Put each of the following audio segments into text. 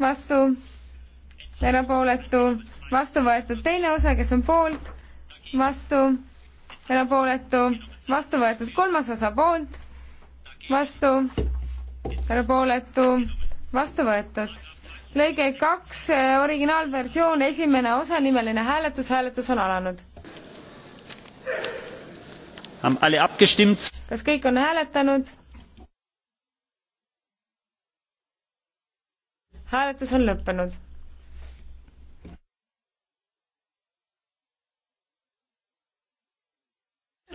vastu, erapooletu, vastu võetud teine osa, kes on poolt, vastu, erapooletu, vastu võetud kolmas osa poolt, vastu, erapooletu, vastu võetud. lõige kaks, originaalversioon, esimene osa, nimeline hääletus, hääletus on alanud. kas kõik on hääletanud? hääletus on lõppenud.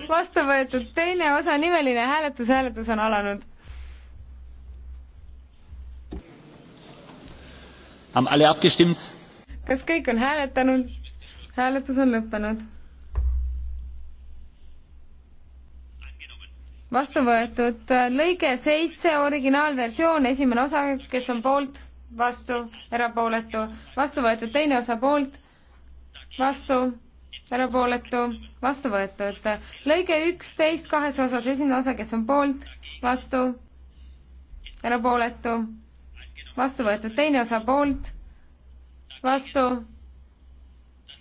vastu võetud teine osa nimeline hääletus, hääletus on alanud. kas kõik on hääletanud? hääletus on lõppenud. vastu võetud lõige seitse, originaalversioon, esimene osa, kes on poolt? vastu, erapooletu, vastu võetud, teine osa poolt, vastu, erapooletu, vastu võetud. lõige üksteist kahes osas, esimene osa, kes on poolt, vastu, erapooletu, vastu võetud, teine osa poolt, vastu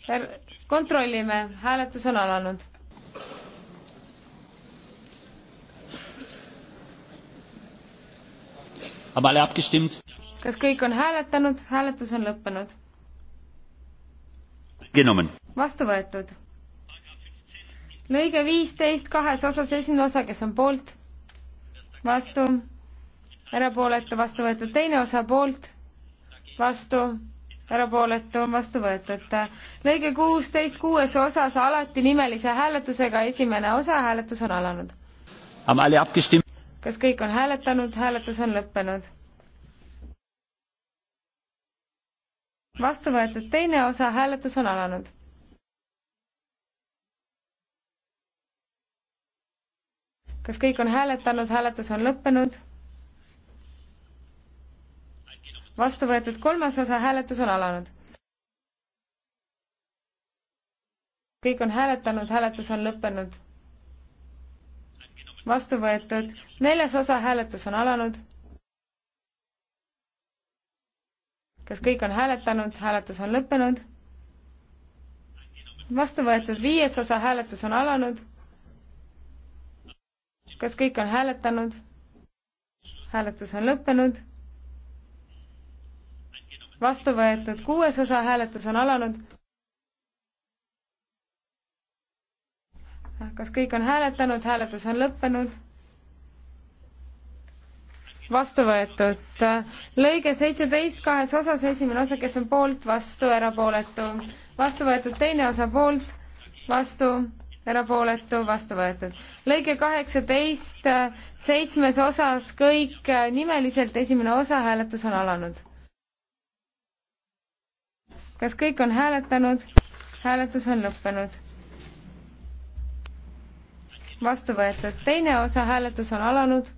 er,, kontrollime, hääletus on alanud. haben alle abgestimmt? kas kõik on hääletanud, hääletus on lõppenud? vastu võetud. lõige viisteist kahes osas, esimene osa, kes on poolt, vastu, erapooletu, vastu võetud, teine osa poolt, vastu, erapooletu, vastu võetud. lõige kuusteist kuues osas alati nimelise hääletusega, esimene osa, hääletus on alanud. kas kõik on hääletanud, hääletus on lõppenud vastu võetud, teine osa, hääletus on alanud. kas kõik on hääletanud, hääletus on lõppenud? vastu võetud kolmas osa, hääletus on alanud. kõik on hääletanud, hääletus on lõppenud. vastu võetud neljas osa, hääletus on alanud kas kõik on hääletanud, hääletus on lõppenud? vastu võetud viies osa hääletus on alanud. kas kõik on hääletanud? hääletus on lõppenud. vastu võetud kuues osa hääletus on alanud. kas kõik on hääletanud, hääletus on lõppenud vastu võetud. lõige seitseteist kahes osas, esimene osa, kes on poolt, vastu, erapooletu, vastu võetud, teine osa poolt, vastu, erapooletu, vastu võetud. lõige kaheksateist, seitsmes osas kõik nimeliselt, esimene osa, hääletus on alanud. kas kõik on hääletanud? hääletus on lõppenud. vastu võetud, teine osa, hääletus on alanud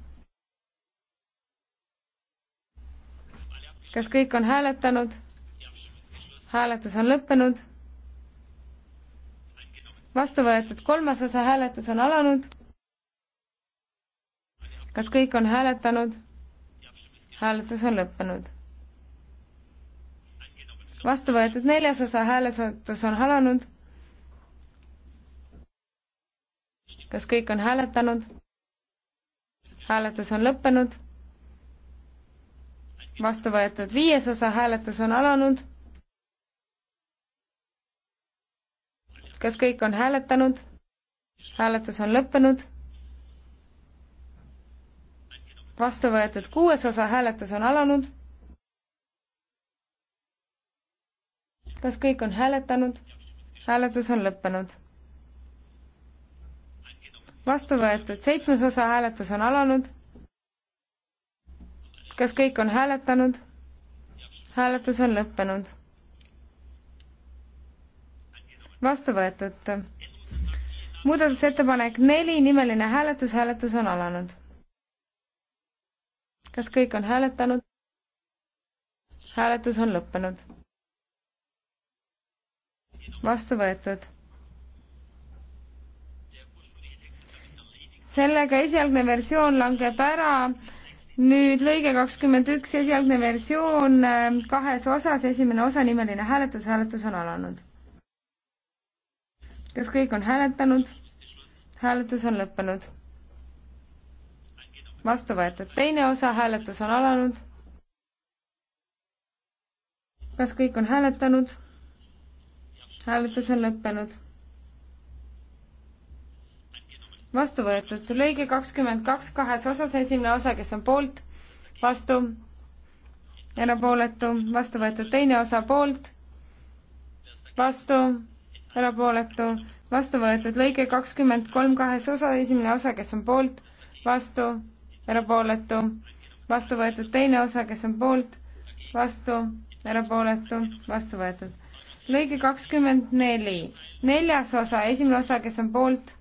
kas kõik on hääletanud? hääletus on lõppenud. vastu võetud kolmas osa hääletus on alanud. kas kõik on hääletanud? hääletus on lõppenud. vastu võetud neljas osa hääletus on alanud. kas kõik on hääletanud? hääletus on lõppenud vastu võetud viies osa, hääletus on alanud. kas kõik on hääletanud? hääletus on lõppenud. vastu võetud kuues osa, hääletus on alanud. kas kõik on hääletanud? hääletus on lõppenud. vastu võetud seitsmes osa, hääletus on alanud kas kõik on hääletanud? hääletus on lõppenud. vastu võetud. muudatusettepanek neli, nimeline hääletus, hääletus on alanud. kas kõik on hääletanud? hääletus on lõppenud. vastu võetud. sellega esialgne versioon langeb ära nüüd lõige kakskümmend üks, esialgne versioon äh, kahes osas, esimene osa, nimeline hääletus, hääletus on alanud. kas kõik on hääletanud? hääletus on lõppenud. vastu võetud teine osa, hääletus on alanud. kas kõik on hääletanud? hääletus on lõppenud vastu võetud. lõige kakskümmend kaks kahes osas, esimene osa, kes on poolt, vastu, erapooletu, vastu võetud. teine osa poolt, vastu, erapooletu, vastu võetud. lõige kakskümmend kolm kahes osa, esimene osa, kes on poolt, vastu, erapooletu, vastu võetud. teine osa, kes on poolt, vastu, erapooletu, vastu võetud. lõige kakskümmend neli, neljas osa, esimene osa, kes on poolt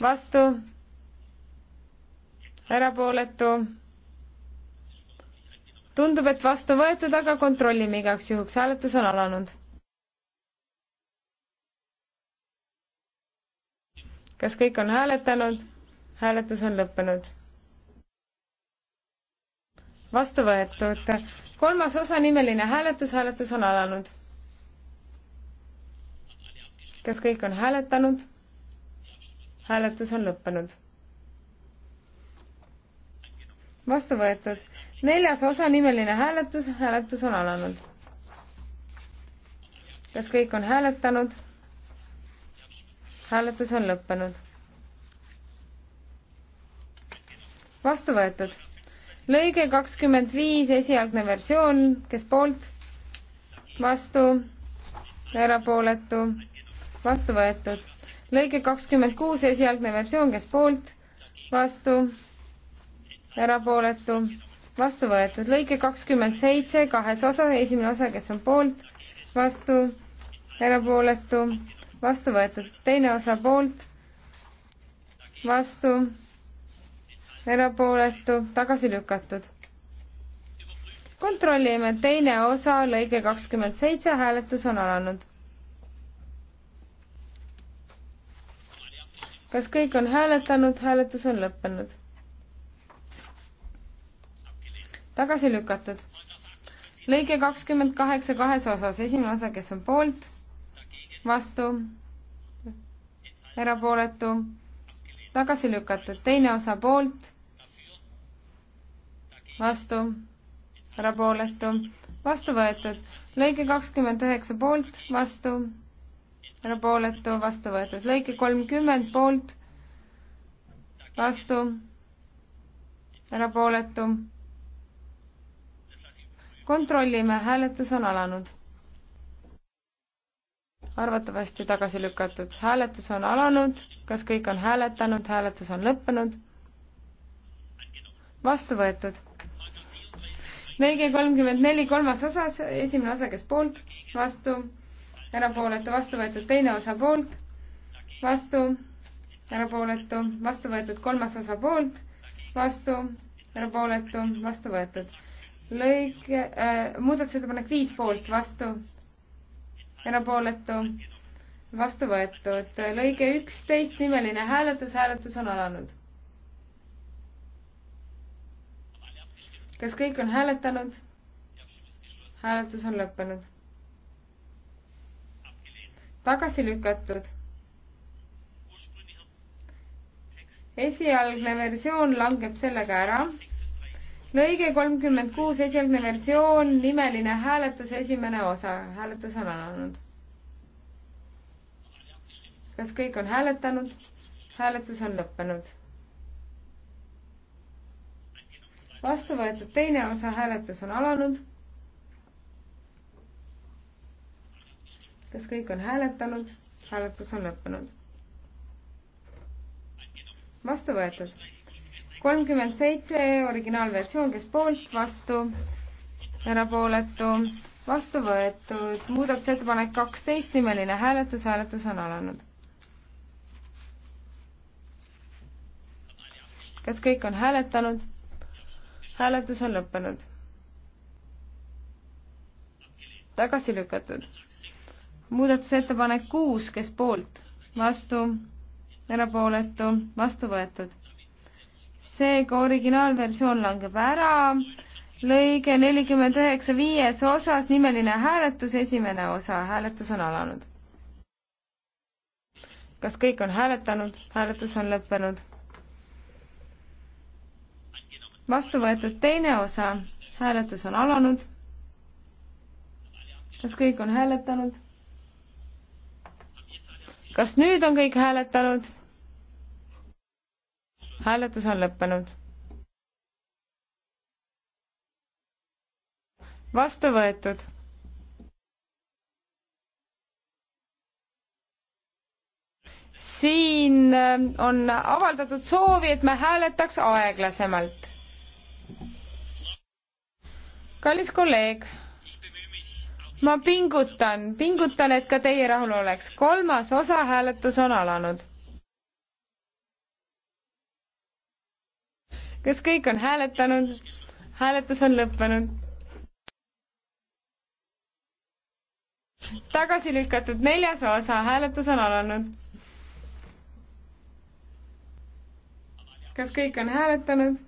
vastu, erapooletu. tundub, et vastu võetud, aga kontrollime igaks juhuks, hääletus on alanud. kas kõik on hääletanud? hääletus on lõppenud. vastu võetud. kolmas osa nimeline hääletus, hääletus on alanud. kas kõik on hääletanud? hääletus on lõppenud. vastu võetud. neljas osa nimeline hääletus, hääletus on alanud. kas kõik on hääletanud? hääletus on lõppenud. vastu võetud. lõige kakskümmend viis, esialgne versioon, kes poolt? vastu, erapooletu, vastu võetud lõige kakskümmend kuus, esialgne versioon, kes poolt, vastu, erapooletu, vastu võetud. lõige kakskümmend seitse, kahes osa, esimene osa, kes on poolt, vastu, erapooletu, vastu võetud. teine osa poolt, vastu, erapooletu, tagasi lükatud. kontrollime teine osa, lõige kakskümmend seitse, hääletus on alanud kas kõik on hääletanud, hääletus on lõppenud? tagasi lükatud. lõige kakskümmend kaheksa kahes osas, esimene osa, kes on poolt, vastu, erapooletu, tagasi lükatud, teine osa poolt, vastu, erapooletu, vastu võetud, lõige kakskümmend üheksa poolt, vastu erapooletu, vastu võetud. lõige kolmkümmend poolt, vastu, erapooletu. kontrollime, hääletus on alanud. arvatavasti tagasi lükatud. hääletus on alanud, kas kõik on hääletanud, hääletus on lõppenud? vastu võetud. lõige kolmkümmend neli, kolmas osas, esimene osa, kes poolt, vastu erapooletu, vastu võetud teine osa poolt, vastu, erapooletu, vastu võetud kolmas osa poolt, vastu, erapooletu, vastu võetud. lõige äh,, muudatusettepanek viis poolt, vastu, erapooletu, vastu võetud. lõige üksteist, nimeline hääletus, hääletus on alanud. kas kõik on hääletanud? hääletus on lõppenud tagasi lükatud. esialgne versioon langeb sellega ära. lõige kolmkümmend kuus, esialgne versioon, nimeline hääletus, esimene osa, hääletus on alanud. kas kõik on hääletanud? hääletus on lõppenud. vastu võetud teine osa, hääletus on alanud kas kõik on hääletanud? hääletus on lõppenud. vastu võetud. kolmkümmend seitse originaalversioon, kes poolt, vastu, erapooletu, vastu võetud. muudatusettepanek kaksteist, nimeline hääletus, hääletus on alanud. kas kõik on hääletanud? hääletus on lõppenud. tagasi lükatud muudatusettepanek kuus, kes poolt, vastu, erapooletu, vastu võetud. seega originaalversioon langeb ära, lõige nelikümmend üheksa viies osas, nimeline hääletus, esimene osa, hääletus on alanud. kas kõik on hääletanud, hääletus on lõppenud? vastu võetud teine osa, hääletus on alanud. kas kõik on hääletanud? kas nüüd on kõik hääletanud? hääletus on lõppenud. vastu võetud. siin äh, on avaldatud soovi, et me hääletaks aeglasemalt. kallis kolleeg ma pingutan, pingutan, et ka teie rahul oleks. kolmas osahääletus on alanud. kas kõik on hääletanud? hääletus on lõppenud. tagasi lükatud neljas osa, hääletus on alanud. kas kõik on hääletanud?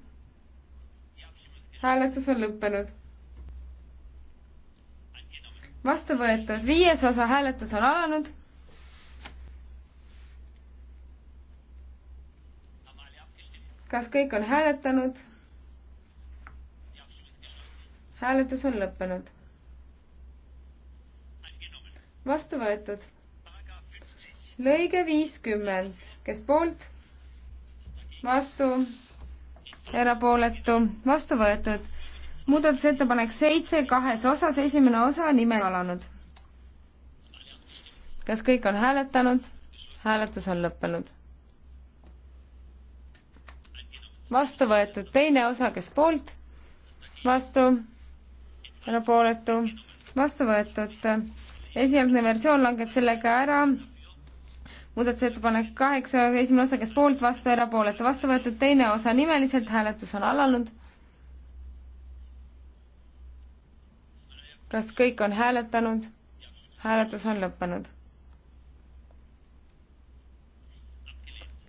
hääletus on lõppenud vastu võetud, viies osa hääletus on alanud. kas kõik on hääletanud? hääletus on lõppenud. vastu võetud. lõige viiskümmend, kes poolt? vastu, erapooletu, vastu võetud muudatusettepanek seitse kahes osas, esimene osa nimel alanud. kas kõik on hääletanud? hääletus on lõppenud. vastu võetud teine osa, kes poolt? vastu, erapooletu, vastu võetud. esialgne versioon langeb sellega ära muudatusettepanek kaheksa, esimene osa, kes poolt, vastu, erapooletu, vastu võetud, teine osa nimeliselt, hääletus on alanud. kas kõik on hääletanud? hääletus on lõppenud.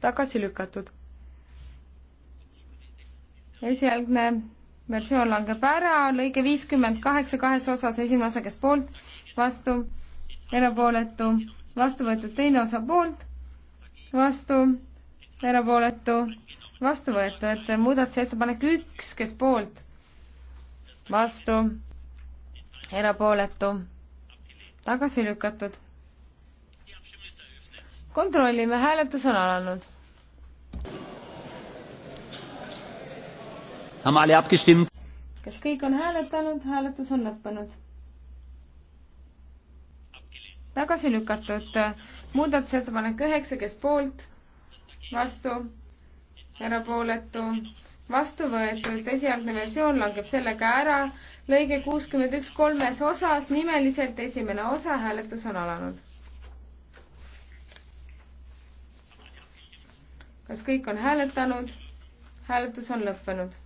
tagasi lükatud. esialgne versioon langeb ära, lõige viiskümmend kaheksa kahes osas, esimene osa, kes poolt, vastu, erapooletu, vastu võetud teine osa poolt, vastu, erapooletu, vastu võetud, muudatusettepanek üks, kes poolt, vastu erapooletu, tagasi lükatud. kontrollime, hääletus on alanud. kas kõik on hääletanud, hääletus on lõppenud? tagasi lükatud muudatusettepanek üheksa, kes poolt, vastu, erapooletu, vastu võetud, esialgne versioon langeb sellega ära lõige kuuskümmend üks kolmes osas, nimeliselt esimene osa, hääletus on alanud. kas kõik on hääletanud? hääletus on lõppenud.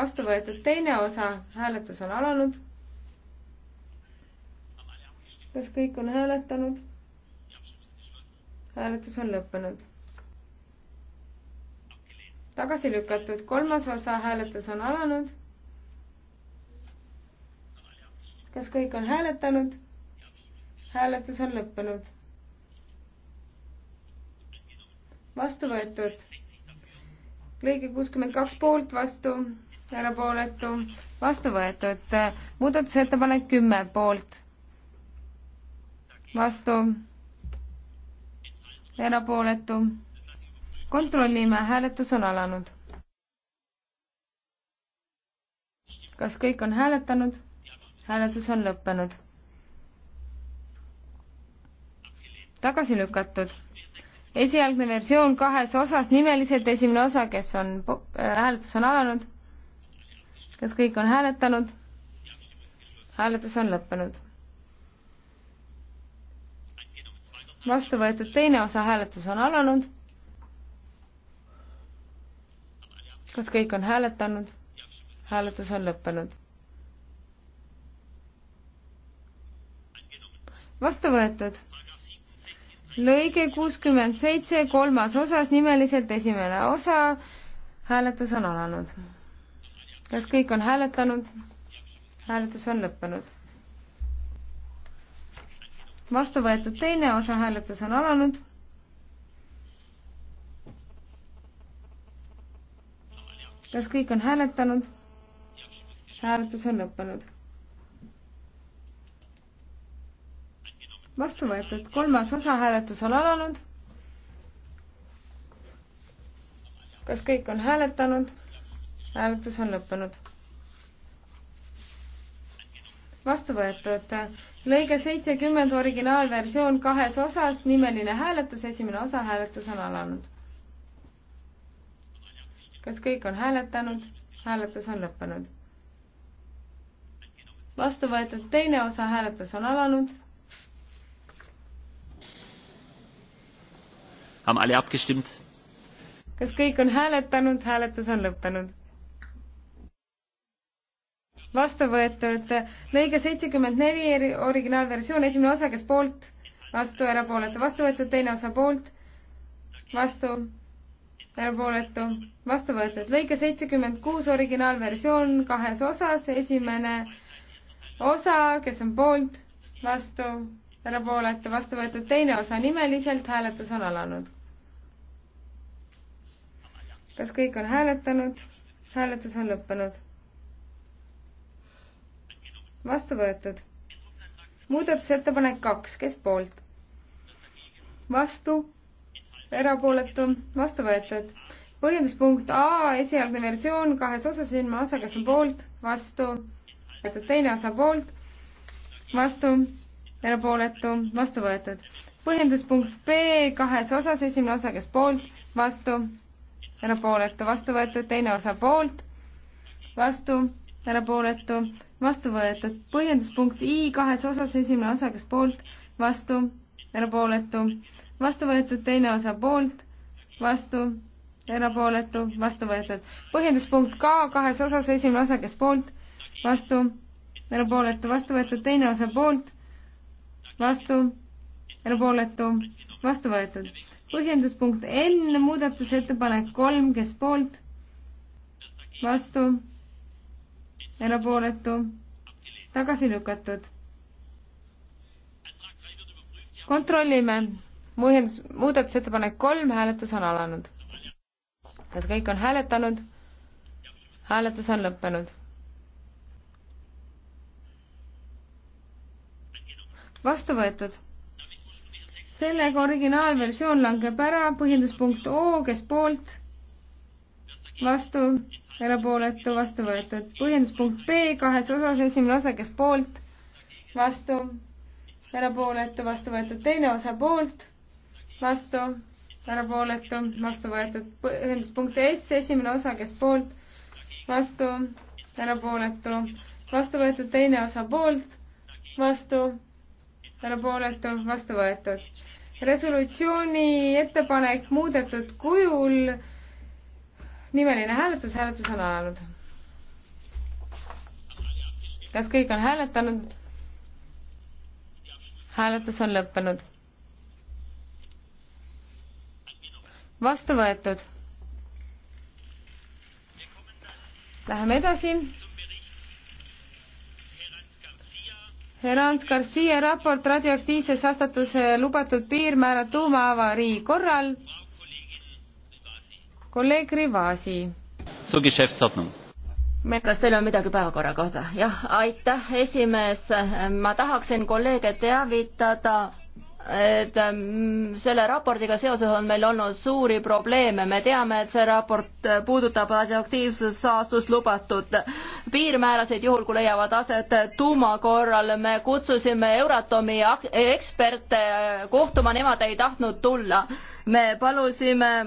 vastu võetud teine osa, hääletus on alanud. kas kõik on hääletanud? hääletus on lõppenud. tagasi lükatud kolmas osa, hääletus on alanud kas kõik on hääletanud? hääletus on lõppenud. vastu võetud. lõige kuuskümmend kaks poolt vastu, erapooletu, vastu võetud. muudatusettepanek kümme poolt, vastu, erapooletu. kontrollime, hääletus on alanud. kas kõik on hääletanud? hääletus on lõppenud. tagasi lükatud. esialgne versioon kahes osas, nimeliselt esimene osa, kes on, äh, hääletus on alanud. kas kõik on hääletanud? hääletus on lõppenud. vastu võetud teine osa, hääletus on alanud. kas kõik on hääletanud? hääletus on lõppenud vastu võetud. lõige kuuskümmend seitse, kolmas osas, nimeliselt esimene osa. hääletus on alanud. kas kõik on hääletanud? hääletus on lõppenud. vastu võetud teine osa, hääletus on alanud. kas kõik on hääletanud? hääletus on lõppenud vastu võetud, kolmas osa hääletus on alanud. kas kõik on hääletanud? hääletus on lõppenud. vastu võetud lõige seitsekümmend, originaalversioon kahes osas, nimeline hääletus, esimene osa hääletus on alanud. kas kõik on hääletanud? hääletus on lõppenud. vastu võetud teine osa hääletus on alanud kas kõik on hääletanud, hääletus on lõppenud? vastu võetud lõige seitsekümmend neli, originaalversioon, esimene osa, kes poolt, vastu, erapooletu, vastu võetud, teine osa poolt, vastu, erapooletu, vastu võetud. lõige seitsekümmend kuus, originaalversioon kahes osas, esimene osa, kes on poolt, vastu, erapooletu vastu võetud teine osa nimeliselt, hääletus on alanud. kas kõik on hääletanud? hääletus on lõppenud. vastu võetud. muudatusettepanek kaks, kes poolt? vastu, erapooletu, vastu võetud. põhjenduspunkt A, esialgne versioon kahes osas, ilma osa, kas on poolt, vastu, teine osa poolt, vastu erapooletu, vastu võetud. põhjenduspunkt B kahes osas, esimene osa, kes poolt, vastu, erapooletu, vastu võetud, teine osa poolt, vastu, erapooletu, vastu võetud. põhjenduspunkt I kahes osas, esimene osa, kes poolt, vastu, erapooletu, vastu võetud, teine osa poolt, vastu, erapooletu, vastu võetud. põhjenduspunkt K kahes osas, esimene osa, kes poolt, vastu, erapooletu, vastu võetud, teine osa poolt vastu, erapooletu, vastu võetud. põhjenduspunkt N, muudatusettepanek kolm, kes poolt, vastu, erapooletu, tagasi lükatud. kontrollime, põhjendus, muudatusettepanek kolm, hääletus on alanud. kas kõik on hääletanud? hääletus on lõppenud vastu võetud. sellega originaalversioon langeb ära, põhjenduspunkt O, kes poolt, vastu, erapooletu, vastu võetud. põhjenduspunkt B kahes osas, esimene osa, kes poolt, vastu, erapooletu, vastu võetud. teine osa poolt, vastu, erapooletu, vastu võetud. põhjenduspunkt S, esimene osa, kes poolt, vastu, erapooletu, vastu võetud. teine osa poolt, vastu erapooletu, vastu võetud. resolutsiooni ettepanek muudetud kujul, nimeline hääletus, hääletus on alanud. kas kõik on hääletanud? hääletus on lõppenud. vastu võetud. Läheme edasi Rans Garcia raport radioaktiivse saastatuse lubatud piirmäära tuumaavarii korral. kolleeg Rivasi. kas teil on midagi päevakorra kohta? jah, aitäh, esimees. ma tahaksin kolleege teavitada et mm, selle raportiga seoses on meil olnud suuri probleeme, me teame, et see raport puudutab radioaktiivsussaastust lubatud piirmäärasid, juhul kui leiavad aset tuuma korral, me kutsusime Euratomi eksperte kohtuma, nemad ei tahtnud tulla me palusime äh,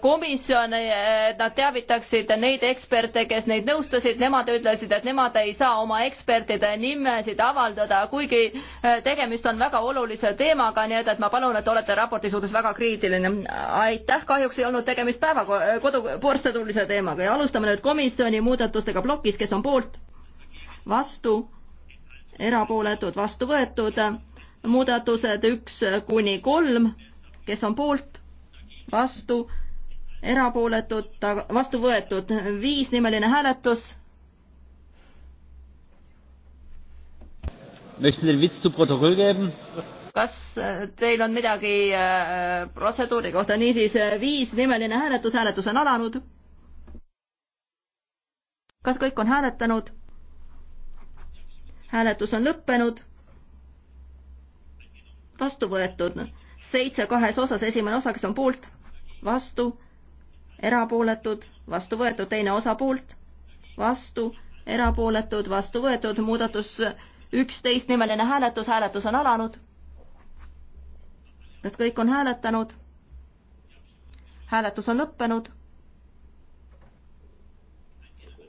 komisjoni, äh, et nad teavitaksid neid eksperte, kes neid nõustasid, nemad ütlesid, et nemad ei saa oma ekspertide nimesid avaldada, kuigi äh, tegemist on väga olulise teemaga, nii et, et ma palun, et olete raporti suhtes väga kriitiline. aitäh, kahjuks ei olnud tegemist päeva, kodu, protseduurilise teemaga ja alustame nüüd komisjoni muudatustega plokis, kes on poolt, vastu, erapooletud, vastu võetud, muudatused üks kuni kolm kes on poolt, vastu, erapooletud, vastu võetud, viis nimeline hääletus. kas äh, teil on midagi äh, protseduuri kohta, niisiis äh, viis nimeline hääletus, hääletus on alanud. kas kõik on hääletanud? hääletus on lõppenud. vastu võetud seitse kahes osas, esimene osa, kes on poolt, vastu, erapooletud, vastu võetud, teine osa poolt, vastu, erapooletud, vastu võetud, muudatus üksteist nimeline hääletus, hääletus on alanud. kas kõik on hääletanud? hääletus on lõppenud.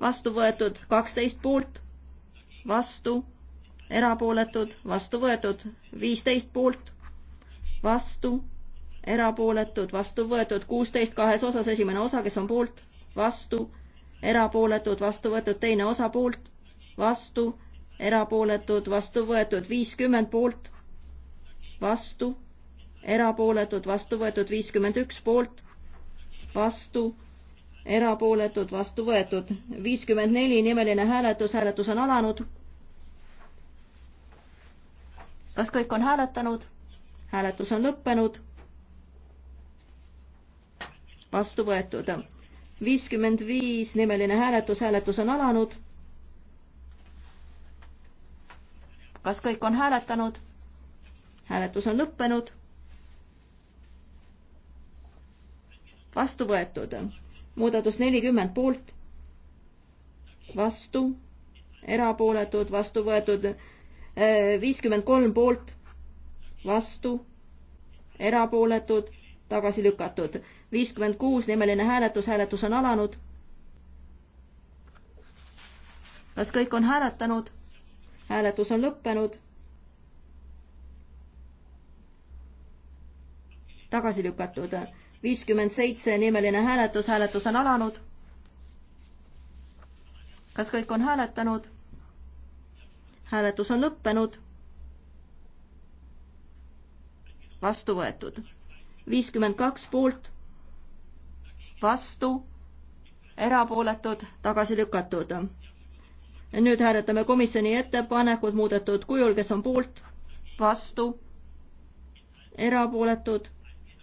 vastu võetud kaksteist poolt, vastu, erapooletud, vastu võetud viisteist poolt vastu, erapooletud, vastu võetud, kuusteist kahes osas, esimene osa, kes on poolt, vastu, erapooletud, vastu võetud, teine osa poolt, vastu, erapooletud, vastu võetud, viiskümmend poolt, vastu, erapooletud, vastu võetud, viiskümmend üks poolt, vastu, erapooletud, vastu võetud, viiskümmend neli, nimeline hääletus, hääletus on alanud. kas kõik on hääletanud? hääletus on lõppenud. vastu võetud. viiskümmend viis nimeline hääletus, hääletus on alanud. kas kõik on hääletanud? hääletus on lõppenud. vastu võetud. muudatus nelikümmend poolt, vastu, erapooletud, vastu võetud, viiskümmend kolm poolt vastu, erapooletud, tagasi lükatud. viiskümmend kuus nimeline hääletus, hääletus on alanud. kas kõik on hääletanud? hääletus on lõppenud. tagasi lükatud. viiskümmend seitse nimeline hääletus, hääletus on alanud. kas kõik on hääletanud? hääletus on lõppenud vastu võetud. viiskümmend kaks poolt, vastu, erapooletud, tagasi lükatud. nüüd hääletame komisjoni ettepanekut muudetud kujul, kes on poolt, vastu, erapooletud,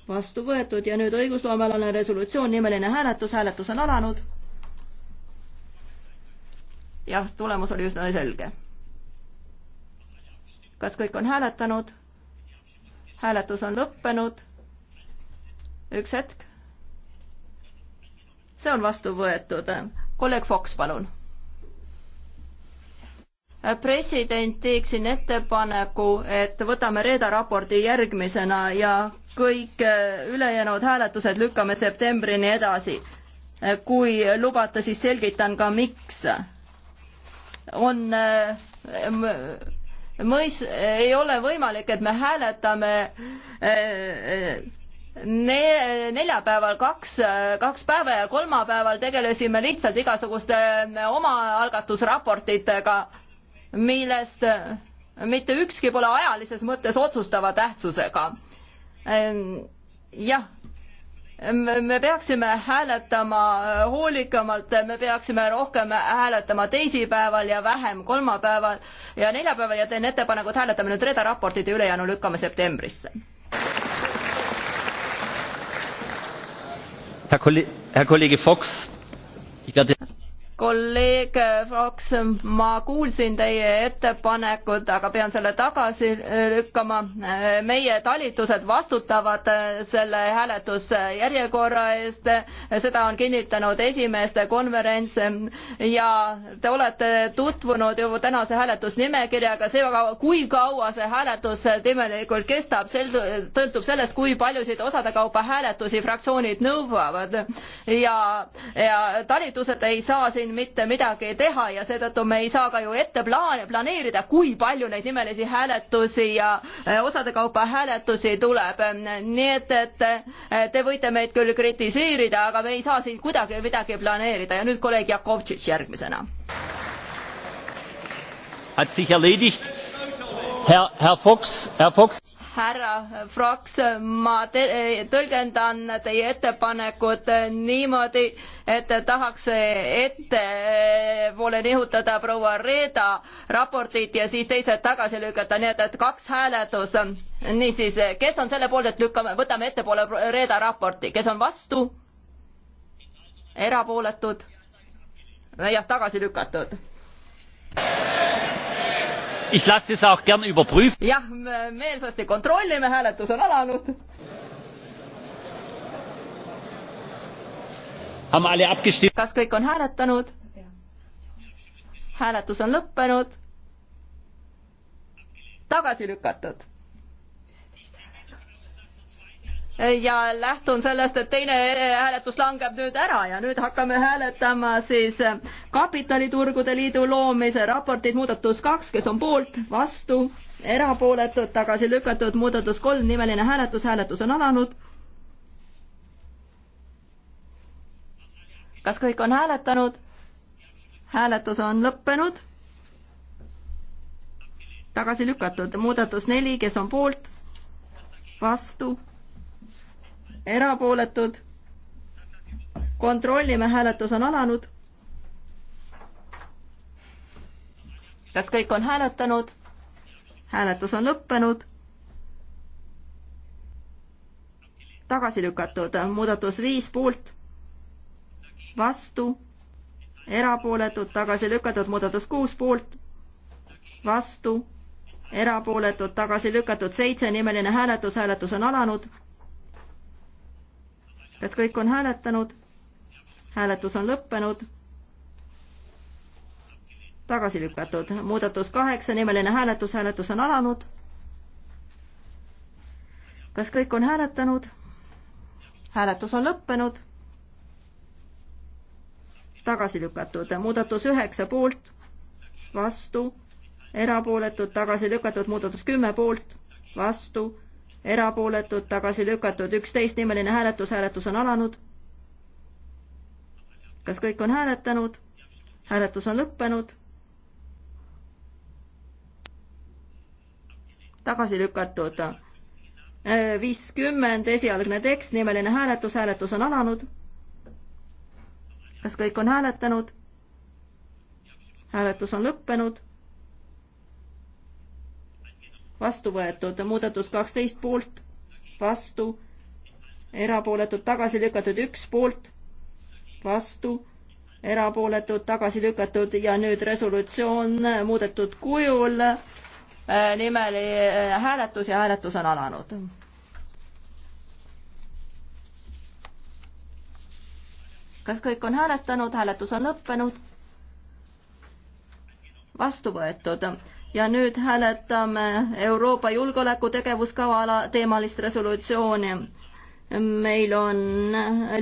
vastu võetud ja nüüd õigusloomealane resolutsioon, nimeline hääletus, hääletus on alanud. jah, tulemus oli üsna selge. kas kõik on hääletanud? hääletus on lõppenud. üks hetk. see on vastu võetud. kolleeg Fox, palun. president, teeksin ettepaneku, et võtame Reeda raporti järgmisena ja kõik eh, ülejäänud hääletused lükkame septembrini edasi. kui lubate, siis selgitan ka, miks. on äh, mõis-, ei ole võimalik, et me hääletame äh, äh, ne-, neljapäeval kaks, kaks päeva ja kolmapäeval tegelesime lihtsalt igasuguste äh, omaalgatusraportitega, millest mitte ükski pole ajalises mõttes otsustava tähtsusega. jah me peaksime hääletama äh, hoolikamalt, me peaksime rohkem hääletama teisipäeval ja vähem kolmapäeval ja neljapäeval ja teen ettepaneku, et hääletame nüüd Reda raportit ja ülejäänu lükkame septembrisse. Herr Kollege Fox, ich werde kolleeg Fox, ma kuulsin teie ettepanekut, aga pean selle tagasi lükkama. meie talitused vastutavad selle hääletusjärjekorra eest, seda on kinnitanud esimeeste konverents ja te olete tutvunud ju tänase hääletusnimekirjaga, seega kui kaua see hääletus tegelikult kestab, sõltub sellest, kui paljusid osade kaupa hääletusi fraktsioonid nõuavad ja, ja talitused ei saa siin siin mitte midagi teha ja seetõttu me ei saa ka ju ette plaane planeerida, kui palju neid nimelisi hääletusi ja eh, osade kaupa hääletusi tuleb. nii et, et eh, te võite meid küll kritiseerida, aga me ei saa siin kuidagi midagi planeerida ja nüüd kolleeg Jakovtšitš järgmisena. Hat sich erledigt. Herr, Herr Fuchs, Herr Fuchs härra Fraks, ma te tõlgendan teie ettepanekut niimoodi, et tahaks ettepoole nihutada proua Reeda raportit ja siis teised tagasi lükata, nii et, et kaks hääletus. niisiis, kes on selle poolt, et lükkame, võtame ettepoole Reeda raporti, kes on vastu? erapooletud? jah, tagasi lükatud Ich lasse das auch gern überprüfen. jah, meelsasti kontrollime, hääletus on alanud. kas kõik on hääletanud? hääletus on lõppenud. tagasi lükatud ja lähtun sellest, et teine hääletus langeb nüüd ära ja nüüd hakkame hääletama siis kapitaliturgude liidu loomise raportit muudatus kaks, kes on poolt, vastu, erapooletud, tagasi lükatud, muudatus kolm, nimeline hääletus, hääletus on alanud. kas kõik on hääletanud? hääletus on lõppenud. tagasi lükatud, muudatus neli, kes on poolt, vastu erapooletud. kontrollime, hääletus on alanud. kas kõik on hääletanud? hääletus on lõppenud. tagasi lükatud, muudatus viis poolt, vastu, erapooletud, tagasi lükatud, muudatus kuus poolt, vastu erapooletud tagasi lükatud seitse nimeline hääletus, hääletus on alanud kas kõik on hääletanud? hääletus on lõppenud. tagasi lükatud, muudatus kaheksa, nimeline hääletus, hääletus on alanud. kas kõik on hääletanud? hääletus on lõppenud. tagasi lükatud, muudatus üheksa poolt, vastu, erapooletud, tagasi lükatud, muudatus kümme poolt, vastu erapooletud, tagasi lükatud, üksteist nimeline hääletus, hääletus on alanud. kas kõik on hääletanud? hääletus on lõppenud. tagasi lükatud äh, viiskümmend, esialgne tekst, nimeline hääletus, hääletus on alanud. kas kõik on hääletanud? hääletus on lõppenud vastu võetud, muudatus kaksteist poolt, vastu, erapooletud, tagasi lükatud üks poolt, vastu, erapooletud, tagasi lükatud ja nüüd resolutsioon muudetud kujul, äh, nimeli äh, hääletus ja hääletus on alanud. kas kõik on hääletanud, hääletus on lõppenud? vastu võetud ja nüüd hääletame Euroopa julgeolekutegevuskava teemalist resolutsiooni. meil on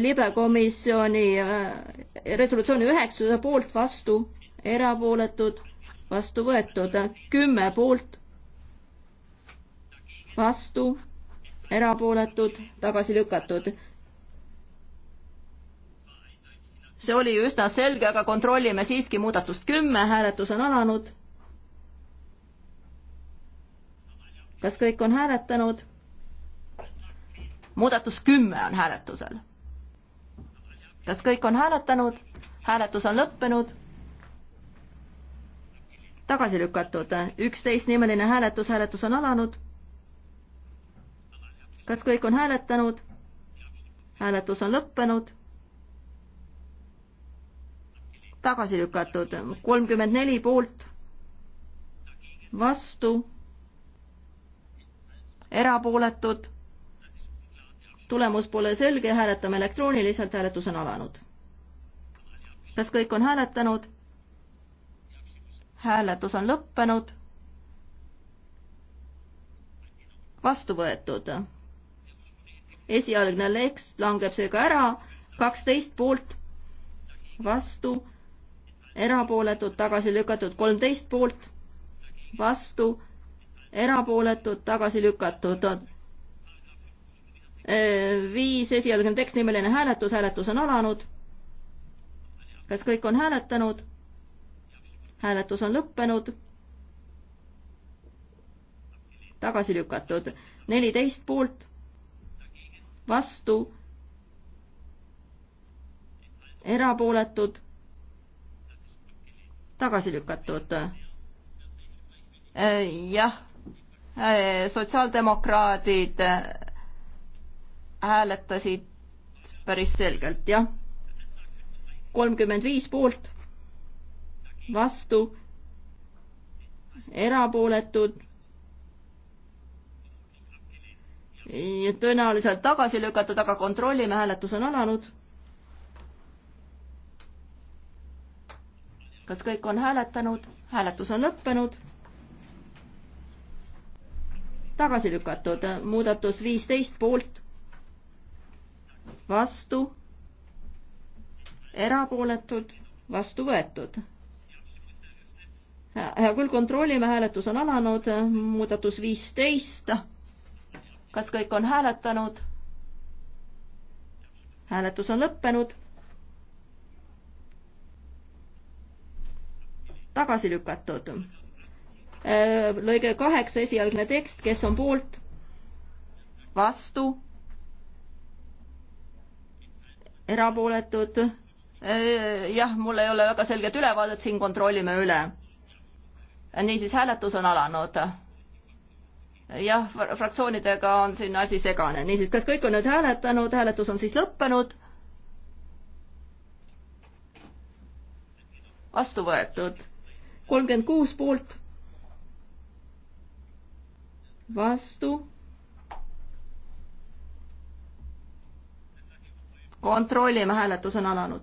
libekomisjoni äh, resolutsiooni üheksuse poolt vastu, erapooletud, vastu võetud, kümme poolt, vastu, erapooletud, tagasi lükatud see oli üsna selge, aga kontrollime siiski muudatust kümme, hääletus on alanud. kas kõik on hääletanud? muudatus kümme on hääletusel. kas kõik on hääletanud? hääletus on lõppenud. tagasi lükatud, üksteist nimeline hääletus, hääletus on alanud. kas kõik on hääletanud? hääletus on lõppenud. tagasi lükatud, kolmkümmend neli poolt, vastu erapooletud. tulemus pole selge, hääletame elektrooniliselt, hääletus on alanud. kas kõik on hääletanud? hääletus on lõppenud. vastu võetud. esialgne leks langeb seega ära, kaksteist poolt, vastu, erapooletud, tagasi lükatud, kolmteist poolt, vastu erapooletud, tagasi lükatud. viis esialgne tekstnimeline hääletus, hääletus on alanud. kas kõik on hääletanud? hääletus on lõppenud. tagasi lükatud, neliteist poolt, vastu, erapooletud, tagasi lükatud jah Äh, sotsiaaldemokraadid äh, hääletasid päris selgelt, jah. kolmkümmend viis poolt, vastu, erapooletud ja tõenäoliselt tagasi lükatud, aga kontrollime, hääletus on alanud. kas kõik on hääletanud? hääletus on lõppenud tagasi lükatud, muudatus viisteist poolt, vastu, erapooletud, vastu võetud. hea küll, kontrollime, hääletus on alanud, muudatus viisteist. kas kõik on hääletanud? hääletus on lõppenud. tagasi lükatud Äh, lõige kaheksa, esialgne tekst, kes on poolt, vastu, erapooletud, äh, jah, mul ei ole väga selget ülevaadet, siin kontrollime üle. niisiis, hääletus on alanud. jah, fraktsioonidega on siin asi segane, niisiis, kas kõik on nüüd hääletanud, hääletus on siis lõppenud? vastu võetud, kolmkümmend kuus poolt vastu. kontrollime, hääletus on alanud.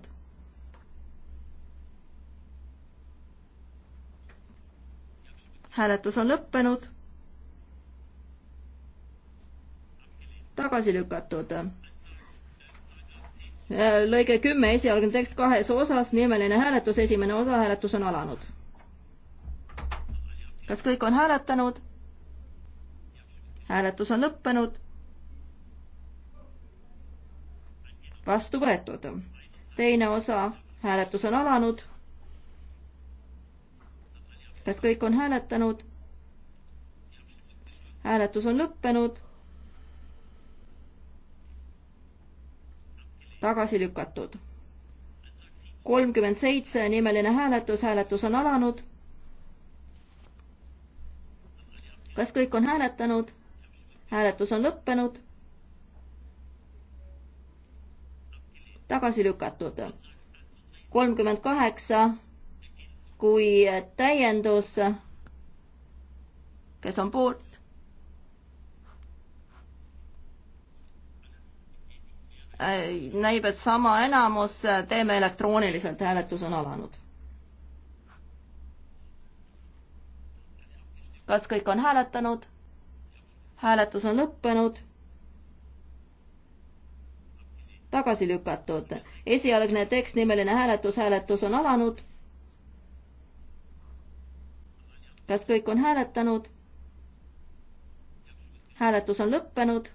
hääletus on lõppenud. tagasi lükatud lõige kümme, esialgne tekst kahes osas, nimeline hääletus, esimene osa hääletus on alanud. kas kõik on hääletanud? hääletus on lõppenud. vastu võetud. teine osa, hääletus on alanud. kas kõik on hääletanud? hääletus on lõppenud. tagasi lükatud. kolmkümmend seitse nimeline hääletus, hääletus on alanud. kas kõik on hääletanud? hääletus on lõppenud. tagasi lükatud. kolmkümmend kaheksa kui täiendus. kes on poolt? näib, et sama enamus, teeme elektrooniliselt, hääletus on alanud. kas kõik on hääletanud? hääletus on lõppenud. tagasi lükatud. esialgne tekst, nimeline hääletus, hääletus on alanud. kas kõik on hääletanud? hääletus on lõppenud.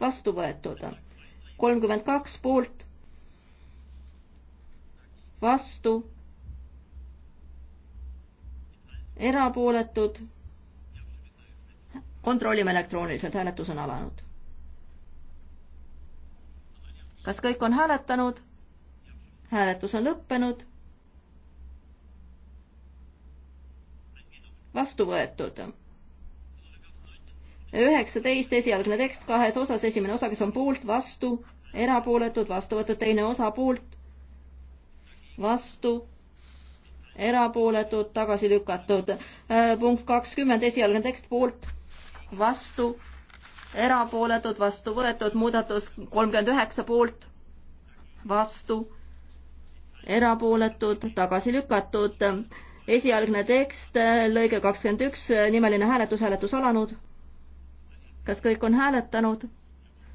vastu võetud. kolmkümmend kaks poolt. vastu erapooletud. kontrollime elektrooniliselt, hääletus on alanud. kas kõik on hääletanud? hääletus on lõppenud. vastu võetud. üheksateist esialgne tekst kahes osas, esimene osa, kes on poolt, vastu, erapooletud, vastu võetud, teine osa poolt, vastu erapooletud, tagasi lükatud. Äh, punkt kakskümmend, esialgne tekst poolt, vastu, erapooletud, vastu võetud, muudatus kolmkümmend üheksa poolt, vastu, erapooletud, tagasi lükatud. esialgne tekst, äh, lõige kakskümmend üks, nimeline hääletus, hääletus alanud. kas kõik on hääletanud?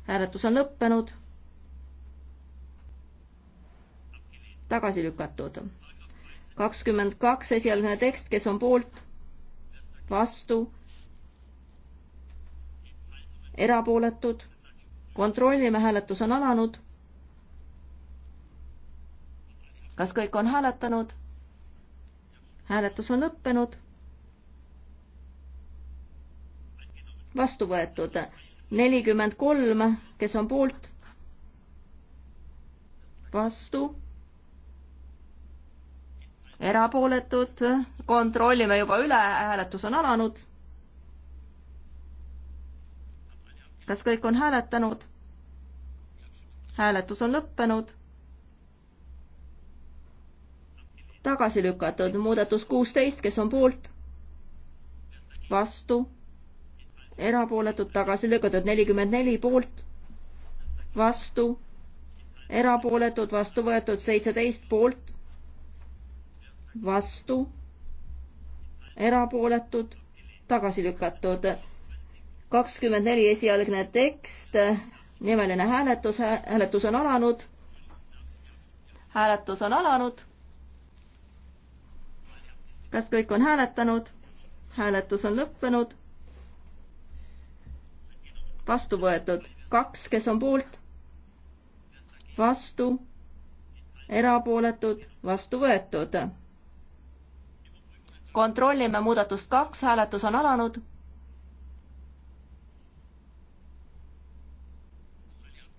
hääletus on lõppenud. tagasi lükatud kakskümmend kaks, esialgne tekst, kes on poolt, vastu, erapooletud, kontrollime, hääletus on alanud. kas kõik on hääletanud? hääletus on lõppenud. vastu võetud nelikümmend kolm, kes on poolt, vastu erapooletud, kontrollime juba üle, hääletus on alanud. kas kõik on hääletanud? hääletus on lõppenud. tagasi lükatud muudatus kuusteist, kes on poolt? vastu? erapooletud, tagasi lükatud nelikümmend neli poolt? vastu? erapooletud, vastu võetud seitseteist poolt vastu, erapooletud, tagasi lükatud. kakskümmend neli esialgne tekst, nimeline hääletus, hääletus on alanud. hääletus on alanud. kas kõik on hääletanud? hääletus on lõppenud. vastu võetud kaks, kes on poolt, vastu, erapooletud, vastu võetud kontrollime muudatust kaks, hääletus on alanud.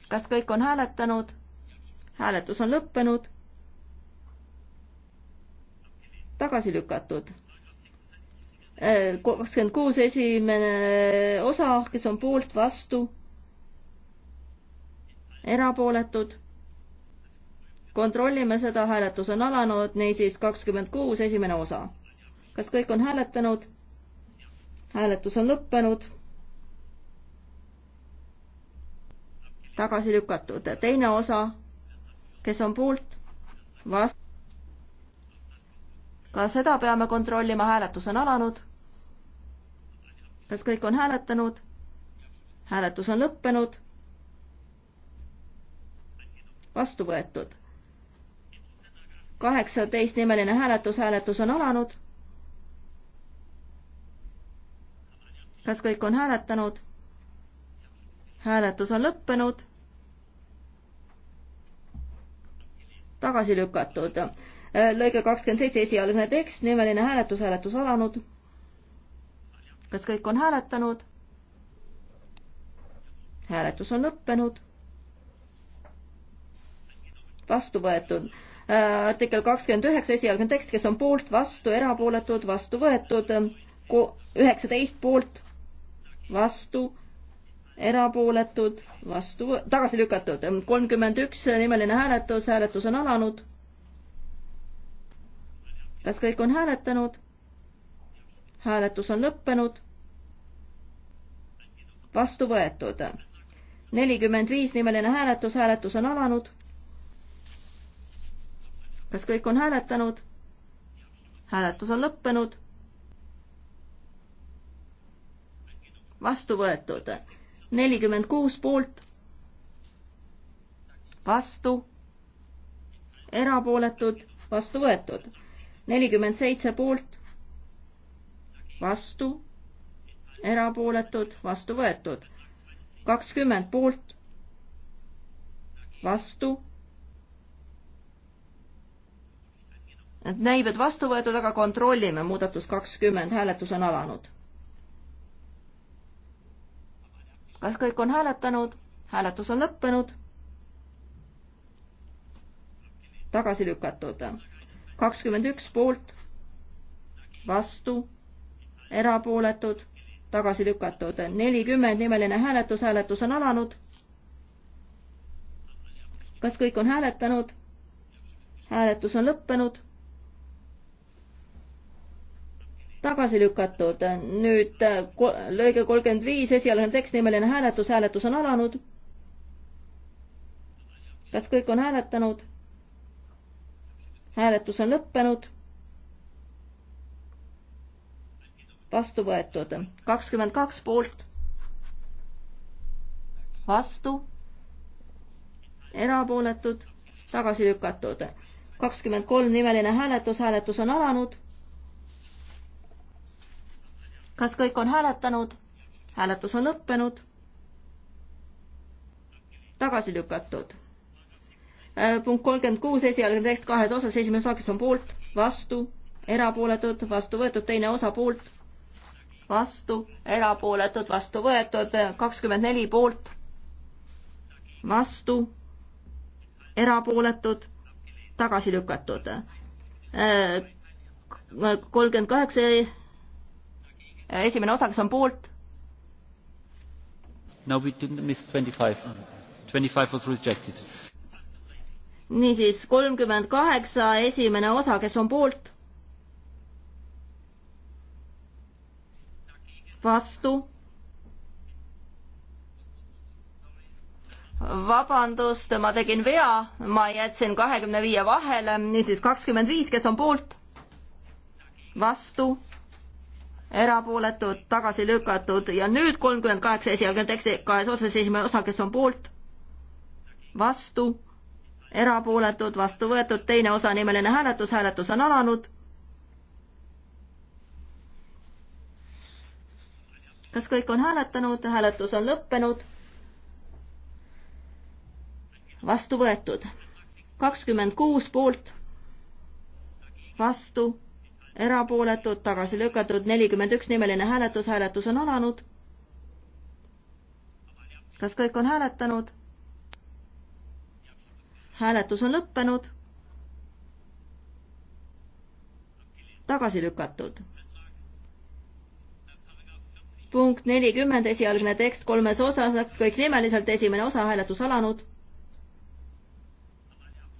kas kõik on hääletanud? hääletus on lõppenud. tagasi lükatud. Äh, kakskümmend kuus esimene osa, kes on poolt, vastu, erapooletud kontrollime seda, hääletus on alanud, niisiis kakskümmend kuus, esimene osa kas kõik on hääletanud? hääletus on lõppenud. tagasi lükatud, teine osa, kes on poolt, vastu. ka seda peame kontrollima, hääletus on alanud. kas kõik on hääletanud? hääletus on lõppenud. vastu võetud. kaheksateist nimeline hääletus, hääletus on alanud kas kõik on hääletanud? hääletus on lõppenud. tagasi lükatud. lõige kakskümmend seitse, esialgne tekst, nimeline hääletus, hääletus alanud. kas kõik on hääletanud? hääletus on lõppenud. vastu võetud artikkel kakskümmend üheksa, esialgne tekst, kes on poolt, vastu, erapooletud, vastu võetud, üheksateist poolt, vastu, erapooletud, vastu, tagasi lükatud. kolmkümmend üks nimeline hääletus, hääletus on alanud. kas kõik on hääletanud? hääletus on lõppenud. vastu võetud. nelikümmend viis nimeline hääletus, hääletus on alanud. kas kõik on hääletanud? hääletus on lõppenud vastu võetud. nelikümmend kuus poolt, vastu, erapooletud, vastu võetud. nelikümmend seitse poolt, vastu, erapooletud, vastu võetud. kakskümmend poolt, vastu näib, et vastu võetud, aga kontrollime, muudatus kakskümmend, hääletus on alanud. kas kõik on hääletanud? hääletus on lõppenud. tagasi lükatud. kakskümmend üks poolt, vastu, erapooletud, tagasi lükatud. nelikümmend nimeline hääletus, hääletus on alanud. kas kõik on hääletanud? hääletus on lõppenud tagasi lükatud. nüüd äh, lõige kolmkümmend viis, esialgne tekst, nimeline hääletus, hääletus on alanud. kas kõik on hääletanud? hääletus on lõppenud. vastu võetud kakskümmend kaks poolt, vastu, erapooletud, tagasi lükatud. kakskümmend kolm nimeline hääletus, hääletus on alanud kas kõik on hääletanud? hääletus on lõppenud. tagasi lükatud. Äh, punkt kolmkümmend kuus, esialgne tekst kahes osas, esimene osa, kes on poolt, vastu, erapooletud, vastu võetud, teine osa poolt, vastu, erapooletud, vastu võetud, kakskümmend neli poolt, vastu, erapooletud, tagasi lükatud. Äh, kolmkümmend kaheksa esimene osa, kes on poolt? no we didn't miss twenty five. Twenty five was rejected. niisiis kolmkümmend kaheksa, esimene osa, kes on poolt? vastu vabandust, ma tegin vea, ma jätsin kahekümne viie vahele, niisiis kakskümmend viis, kes on poolt? vastu? erapooletud, tagasi lükatud ja nüüd kolmkümmend kaheksa esialgne teksti kahes otsas, esimene osa, kes on poolt, vastu, erapooletud, vastu võetud, teine osa, nimeline hääletus, hääletus on alanud. kas kõik on hääletanud, hääletus on lõppenud? vastu võetud, kakskümmend kuus poolt, vastu erapooletud, tagasi lükatud, nelikümmend üks nimeline hääletus, hääletus on alanud. kas kõik on hääletanud? hääletus on lõppenud. tagasi lükatud. punkt nelikümmend, esialgne tekst kolmes osas, kõik nimeliselt, esimene osa, hääletus alanud.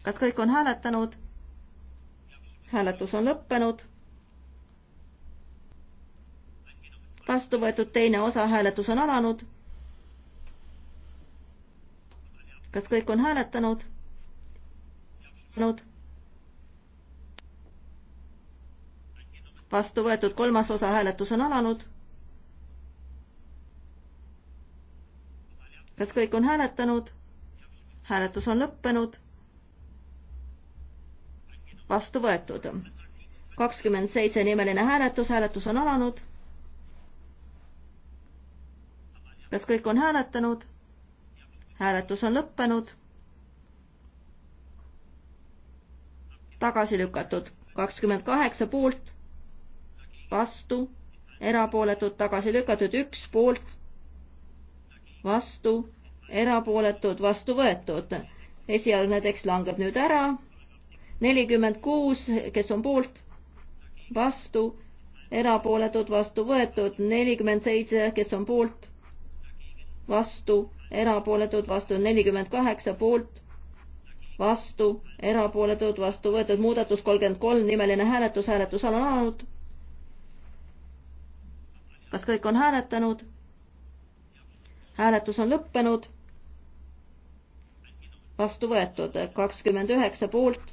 kas kõik on hääletanud? hääletus on lõppenud vastu võetud teine osa, hääletus on alanud. kas kõik on hääletanud? vastu võetud kolmas osa, hääletus on alanud. kas kõik on hääletanud? hääletus on lõppenud. vastu võetud. kakskümmend seitse nimeline hääletus, hääletus on alanud kas kõik on hääletanud? hääletus on lõppenud. tagasi lükatud kakskümmend kaheksa poolt, vastu, erapooletud, tagasi lükatud üks poolt, vastu, erapooletud, vastu võetud. esialgne tekst langeb nüüd ära. nelikümmend kuus, kes on poolt, vastu, erapooletud, vastu võetud, nelikümmend seitse, kes on poolt vastu, erapooletud, vastu nelikümmend kaheksa poolt, vastu, erapooletud, vastu võetud, muudatus kolmkümmend kolm, nimeline hääletus, hääletus on alanud. kas kõik on hääletanud? hääletus on lõppenud. vastu võetud, kakskümmend üheksa poolt,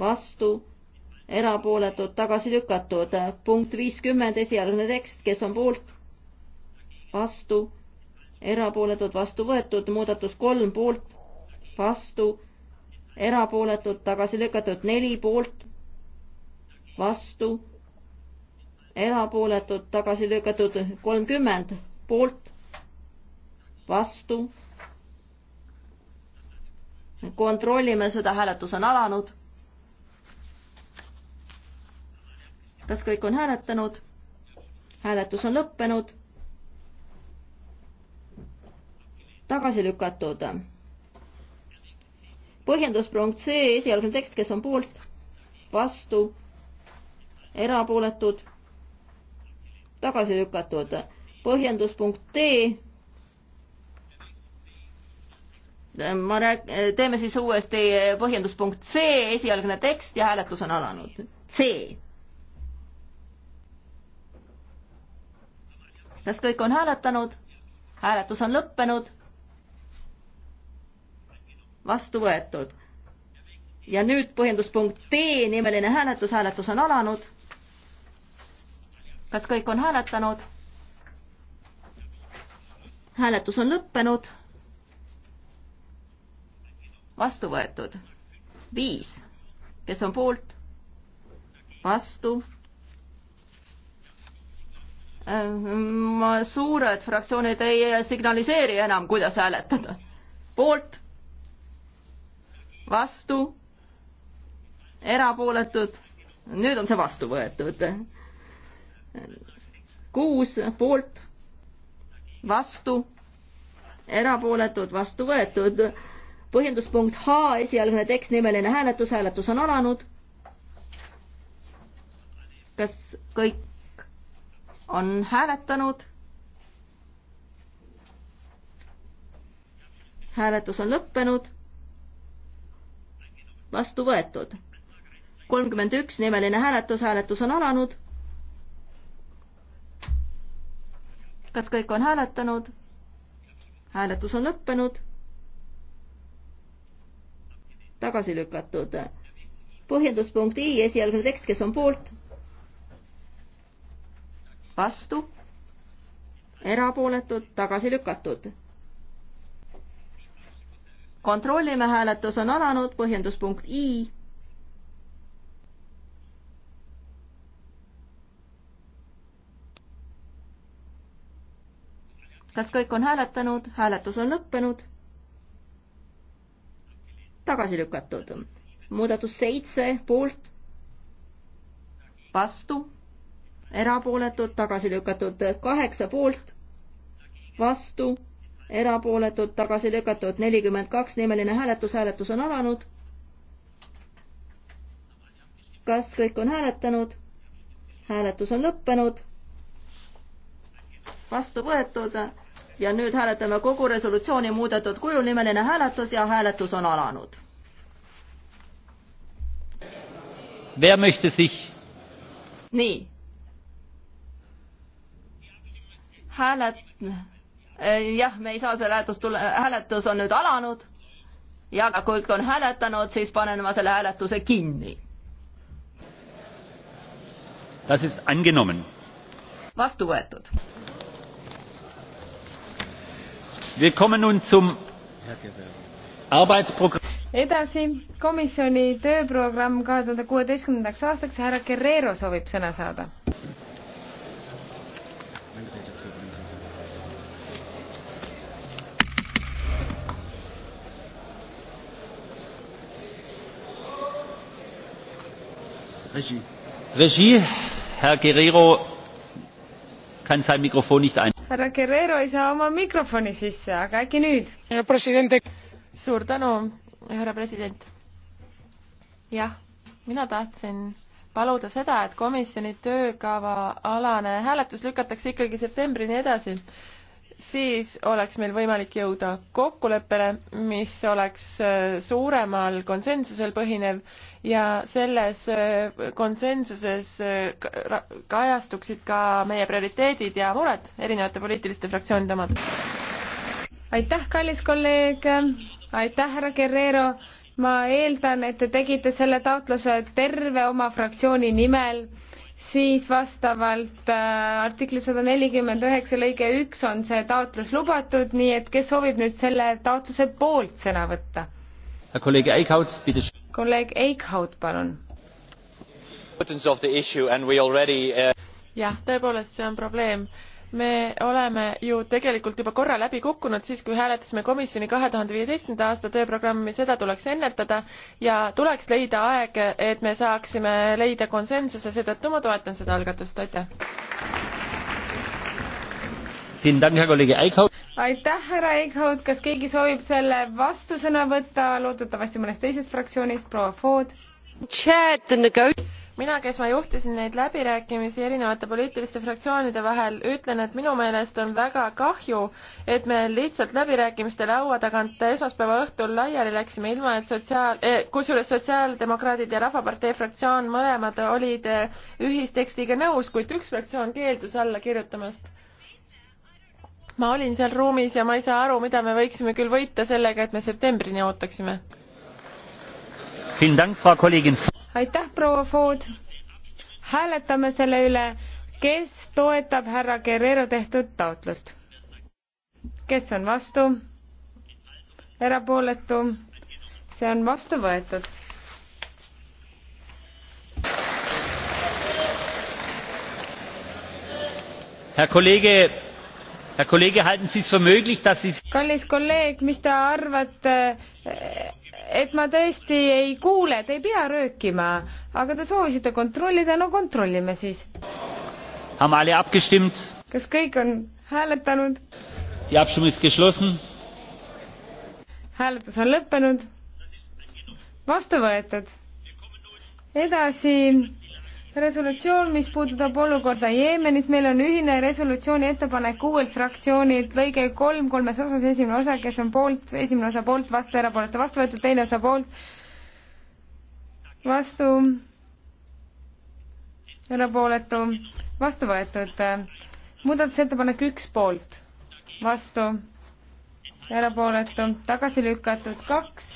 vastu, erapooletud, tagasi lükatud, punkt viiskümmend, esialgne tekst, kes on poolt, vastu erapooletud, vastu võetud, muudatus kolm poolt, vastu, erapooletud, tagasi lükatud, neli poolt, vastu, erapooletud, tagasi lükatud, kolmkümmend poolt, vastu. kontrollime seda, hääletus on alanud. kas kõik on hääletanud? hääletus on lõppenud tagasi lükatud. põhjenduspunkt C, esialgne tekst, kes on poolt, vastu, erapooletud, tagasi lükatud. põhjenduspunkt D. ma rääg-, teeme siis uuesti põhjenduspunkt C, esialgne tekst ja hääletus on alanud. C. kas kõik on hääletanud? hääletus on lõppenud vastu võetud. ja nüüd põhjenduspunkt D, nimeline hääletus, hääletus on alanud. kas kõik on hääletanud? hääletus on lõppenud. vastu võetud. viis, kes on poolt? vastu äh, ma suured fraktsioonid ei signaliseeri enam, kuidas hääletada. poolt, vastu, erapooletud, nüüd on see vastu võetud. kuus poolt, vastu, erapooletud, vastu võetud. põhjenduspunkt H, esialgne tekst, nimeline hääletus, hääletus on alanud. kas kõik on hääletanud? hääletus on lõppenud vastu võetud. kolmkümmend üks nimeline hääletus, hääletus on alanud. kas kõik on hääletanud? hääletus on lõppenud. tagasi lükatud. põhjenduspunkt I, esialgne tekst, kes on poolt? vastu? erapooletud, tagasi lükatud kontrollime, hääletus on alanud, põhjenduspunkt I. kas kõik on hääletanud, hääletus on lõppenud? tagasi lükatud. muudatus seitse poolt, vastu, erapooletud, tagasi lükatud, kaheksa poolt, vastu erapooletud, tagasi lükatud, nelikümmend kaks, nimeline hääletus, hääletus on alanud. kas kõik on hääletanud? hääletus on lõppenud. vastu võetud ja nüüd hääletame kogu resolutsiooni muudetud kujul, nimeline hääletus ja hääletus on alanud. nii. hääled Eh, jah, me ei saa selle hääletustule, hääletus on nüüd alanud ja kui on hääletanud, siis panen ma selle hääletuse kinni. vastu võetud. edasi komisjoni tööprogramm kahe tuhande kuueteistkümnendaks aastaks, härra Guerrero soovib sõna saada Regie. Regie, Herr Guerrero kann sein Mikrofon nicht ein. härra Guerrero ei saa oma mikrofoni sisse, aga äkki nüüd? suur tänu, härra president. jah, mina tahtsin paluda seda, et komisjoni töökava alane hääletus lükatakse ikkagi septembrini edasi siis oleks meil võimalik jõuda kokkuleppele, mis oleks äh, suuremal konsensusel põhinev ja selles äh, konsensuses äh, kajastuksid ka meie prioriteedid ja mured erinevate poliitiliste fraktsioonide omad. aitäh, kallis kolleeg, aitäh, härra Guerrero, ma eeldan, et te tegite selle taotluse terve oma fraktsiooni nimel siis vastavalt äh, artikli sada nelikümmend üheksa lõige üks on see taotlus lubatud, nii et kes soovib nüüd selle taotluse poolt sõna võtta? kolleeg Eichhout, kolleeg Eichhout, palun. Äh, jah, tõepoolest, see on probleem me oleme ju tegelikult juba korra läbi kukkunud siis, kui hääletasime komisjoni kahe tuhande viieteistkümnenda aasta tööprogrammi, seda tuleks ennetada ja tuleks leida aeg, et me saaksime leida konsensuse, seetõttu ma toetan seda algatust, aitäh. aitäh, härra Eichhout, kas keegi soovib selle vastusõna võtta, loodetavasti mõnest teisest fraktsioonist, proua Ford? mina, kes ma juhtisin neid läbirääkimisi erinevate poliitiliste fraktsioonide vahel, ütlen, et minu meelest on väga kahju, et me lihtsalt läbirääkimiste laua tagant esmaspäeva õhtul laiali läksime, ilma et sotsiaal eh,, kusjuures Sotsiaaldemokraadid ja Rahvapartei fraktsioon mõlemad olid eh, ühistekstiga nõus, kuid üks fraktsioon keeldus alla kirjutamast ma olin seal ruumis ja ma ei saa aru, mida me võiksime küll võita sellega, et me septembrini ootaksime aitäh, proua Ford. hääletame selle üle, kes toetab härra Guerrero tehtud taotlust. kes on vastu? erapooletu? see on vastu võetud herr kollege herr kollege halten sie es für möglich dass sie kallis kolleeg mis te arvate et ma tõesti ei kuule, te ei pea röökima, aga te soovisite kontrollida, no kontrollime siis. kas kõik on hääletanud? hääletus on lõppenud. vastu võetud. edasi resolutsioon, mis puudutab olukorda Jeemenis, meil on ühine resolutsiooni ettepanek uuelt fraktsioonilt, lõige kolm, kolmes osas, esimene osa, kes on poolt, esimene osa poolt, vastu, erapooletu, vastu võetud, teine osa poolt, vastu, erapooletu, vastu võetud. muudatusettepanek üks poolt, vastu, erapooletu, tagasi lükatud, kaks,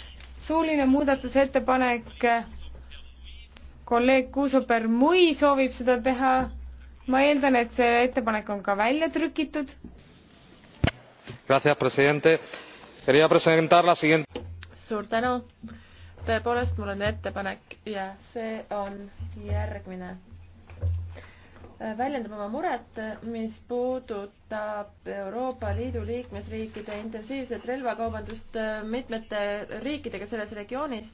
suuline muudatusettepanek kolleeg Kuusoper Mui soovib seda teha. ma eeldan, et see ettepanek on ka välja trükitud. suur tänu. tõepoolest, mul on ettepanek ja see on järgmine väljendab oma muret, mis puudutab Euroopa Liidu liikmesriikide intensiivset relvakaubandust mitmete riikidega selles regioonis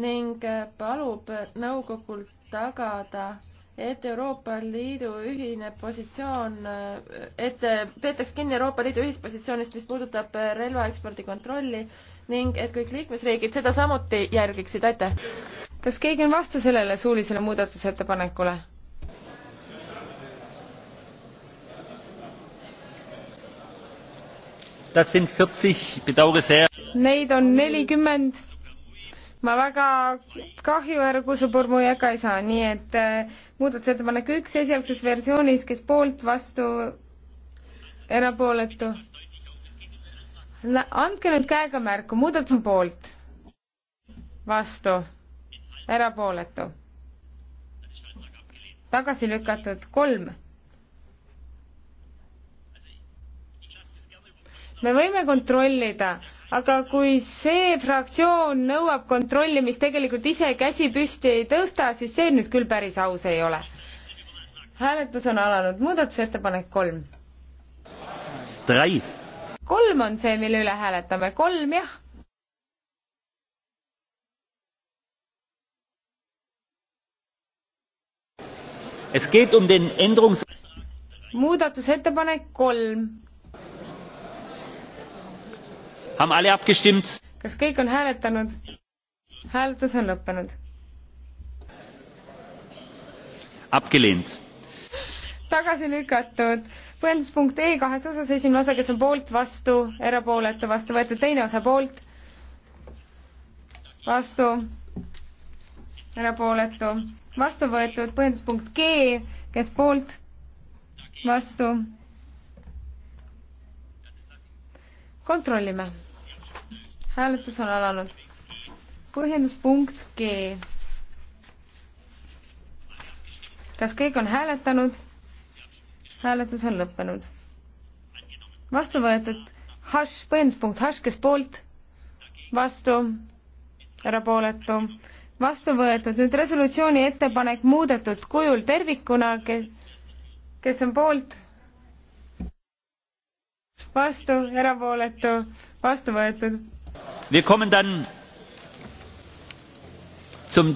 ning äh, palub nõukogult tagada, et Euroopa Liidu ühine positsioon, äh, et äh, peetaks kinni Euroopa Liidu ühispositsioonist, mis puudutab relvaekspordi kontrolli ning et kõik liikmesriigid seda samuti järgiksid, aitäh. kas keegi on vastu sellele suulisele muudatusettepanekule? Neid on nelikümmend ma väga kahju, härra Kusupurmu jaga ei saa, nii et äh, muudatusettepanek üks esialgses versioonis, kes poolt, vastu, erapooletu. andke nüüd käega märku, muudatus on poolt, vastu, erapooletu, tagasi lükatud, kolm me võime kontrollida, aga kui see fraktsioon nõuab kontrolli, mis tegelikult ise käsi püsti ei tõsta, siis see nüüd küll päris aus ei ole. hääletus on alanud, muudatusettepanek kolm. kolm on see, mille üle hääletame, kolm jah es geht um den Änderungs- muudatusettepanek kolm kas kõik on hääletanud? hääletus on lõppenud. tagasi lükatud. põhjenduspunkt E kahes osas, esimene osa, kes on poolt, vastu, erapooletu, vastu võetud, teine osa poolt, vastu, erapooletu, vastu võetud, põhjenduspunkt G, kes poolt, vastu kontrollime. hääletus on alanud. põhjenduspunkt G. kas kõik on hääletanud? hääletus on lõppenud. vastu võetud hash, põhjenduspunkt hash, kes poolt? vastu, erapooletu, vastu võetud. nüüd resolutsiooni ettepanek muudetud kujul tervikuna, kes, kes on poolt? vastu, erapooletu, vastu võetud. Zum...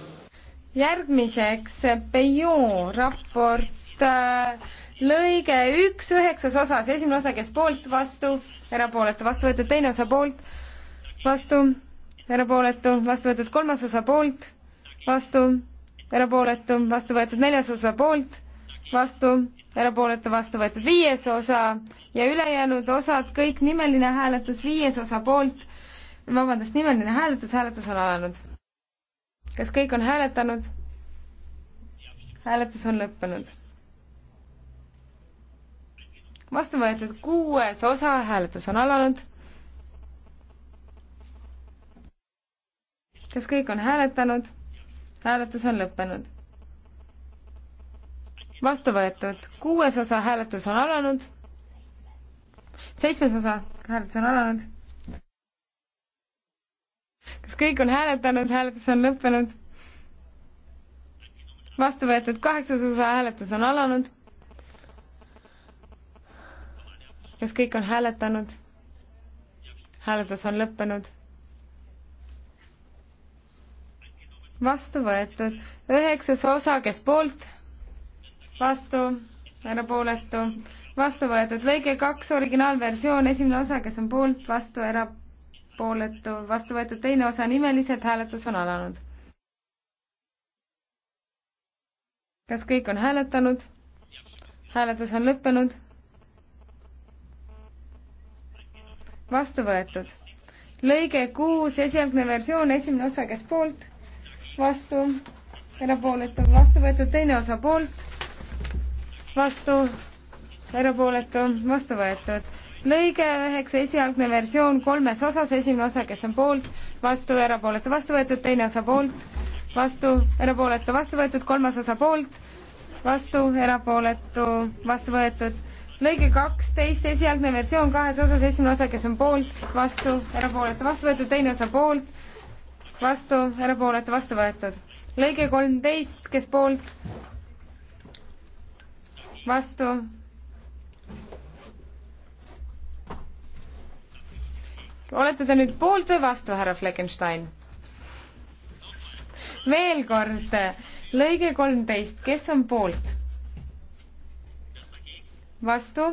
järgmiseks Peju raport äh, lõige üks üheksas osas, esimene osa, kes poolt, vastu, erapooletu, vastu võetud, teine osa poolt, vastu, erapooletu, vastu võetud, kolmas osa poolt, vastu, erapooletu, vastu võetud, neljas osa poolt vastu, erapooletu vastu võetud viies osa ja ülejäänud osad, kõik nimeline hääletus, viies osa poolt, vabandust, nimeline hääletus, hääletus on alanud. kas kõik on hääletanud? hääletus on lõppenud. vastu võetud kuues osa, hääletus on alanud. kas kõik on hääletanud? hääletus on lõppenud vastu võetud, kuues osa hääletus on alanud, seitsmes osa hääletus on alanud. kas kõik on hääletanud, hääletus on lõppenud? vastu võetud kaheksas osa hääletus on alanud. kas kõik on hääletanud? hääletus on lõppenud. vastu võetud üheksas osa, kes poolt? vastu, erapooletu, vastu võetud. lõige kaks, originaalversioon, esimene osa, kes on poolt, vastu, erapooletu, vastu võetud. teine osa nimeliselt, hääletus on alanud. kas kõik on hääletanud? hääletus on lõppenud. vastu võetud. lõige kuus, esialgne versioon, esimene osa, kes poolt, vastu, erapooletu, vastu võetud, teine osa poolt vastu, erapooletu, vastu võetud. lõige üheksa esialgne versioon kolmes osas, esimene osa, kes on poolt, vastu, erapooletu, vastu võetud, teine osa poolt, vastu, erapooletu, vastu võetud, kolmas osa poolt, vastu, erapooletu, vastu võetud lõige kaksteist, esialgne versioon kahes osas, esimene osa, kes on poolt, vastu, erapooletu, vastu võetud, teine osa poolt, vastu, erapooletu, vastu võetud. lõige kolmteist, kes poolt, vastu. olete te nüüd poolt või vastu, härra Fleckenstein? veel kord, lõige kolmteist, kes on poolt? vastu,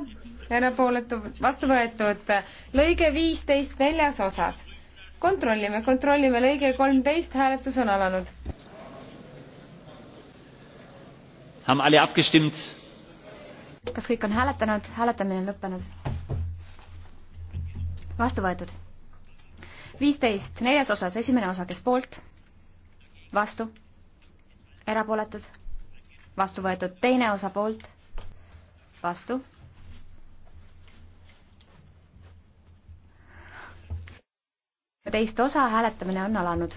erapooletu, vastu võetud, lõige viisteist neljas osas. kontrollime, kontrollime, lõige kolmteist, hääletus on alanud. Haben alle abgestimmt? kas kõik on hääletanud? hääletamine on lõppenud. vastu võetud. viisteist, neljas osas, esimene osa, kes poolt? vastu. erapooletud? vastu võetud, teine osa poolt? vastu teist osa hääletamine on alanud.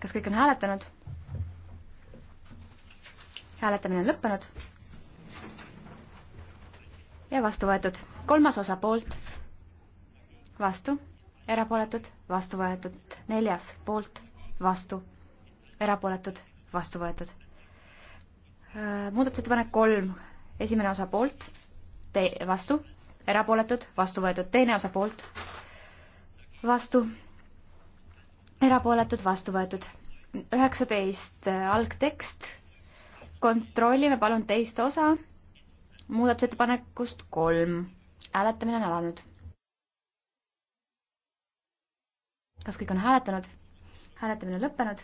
kas kõik on hääletanud? hääletamine on lõppenud. ja vastu võetud. kolmas osa poolt, vastu, erapooletud, vastu võetud. neljas poolt, vastu, erapooletud, vastu võetud. Äh, muudatusettepanek kolm, esimene osa poolt, vastu, erapooletud, vastu võetud. teine osa poolt, vastu, erapooletud, vastu võetud. üheksateist äh, algtekst kontrollime palun teist osa muudatusettepanekust kolm. hääletamine on alanud. kas kõik on hääletanud? hääletamine on lõppenud.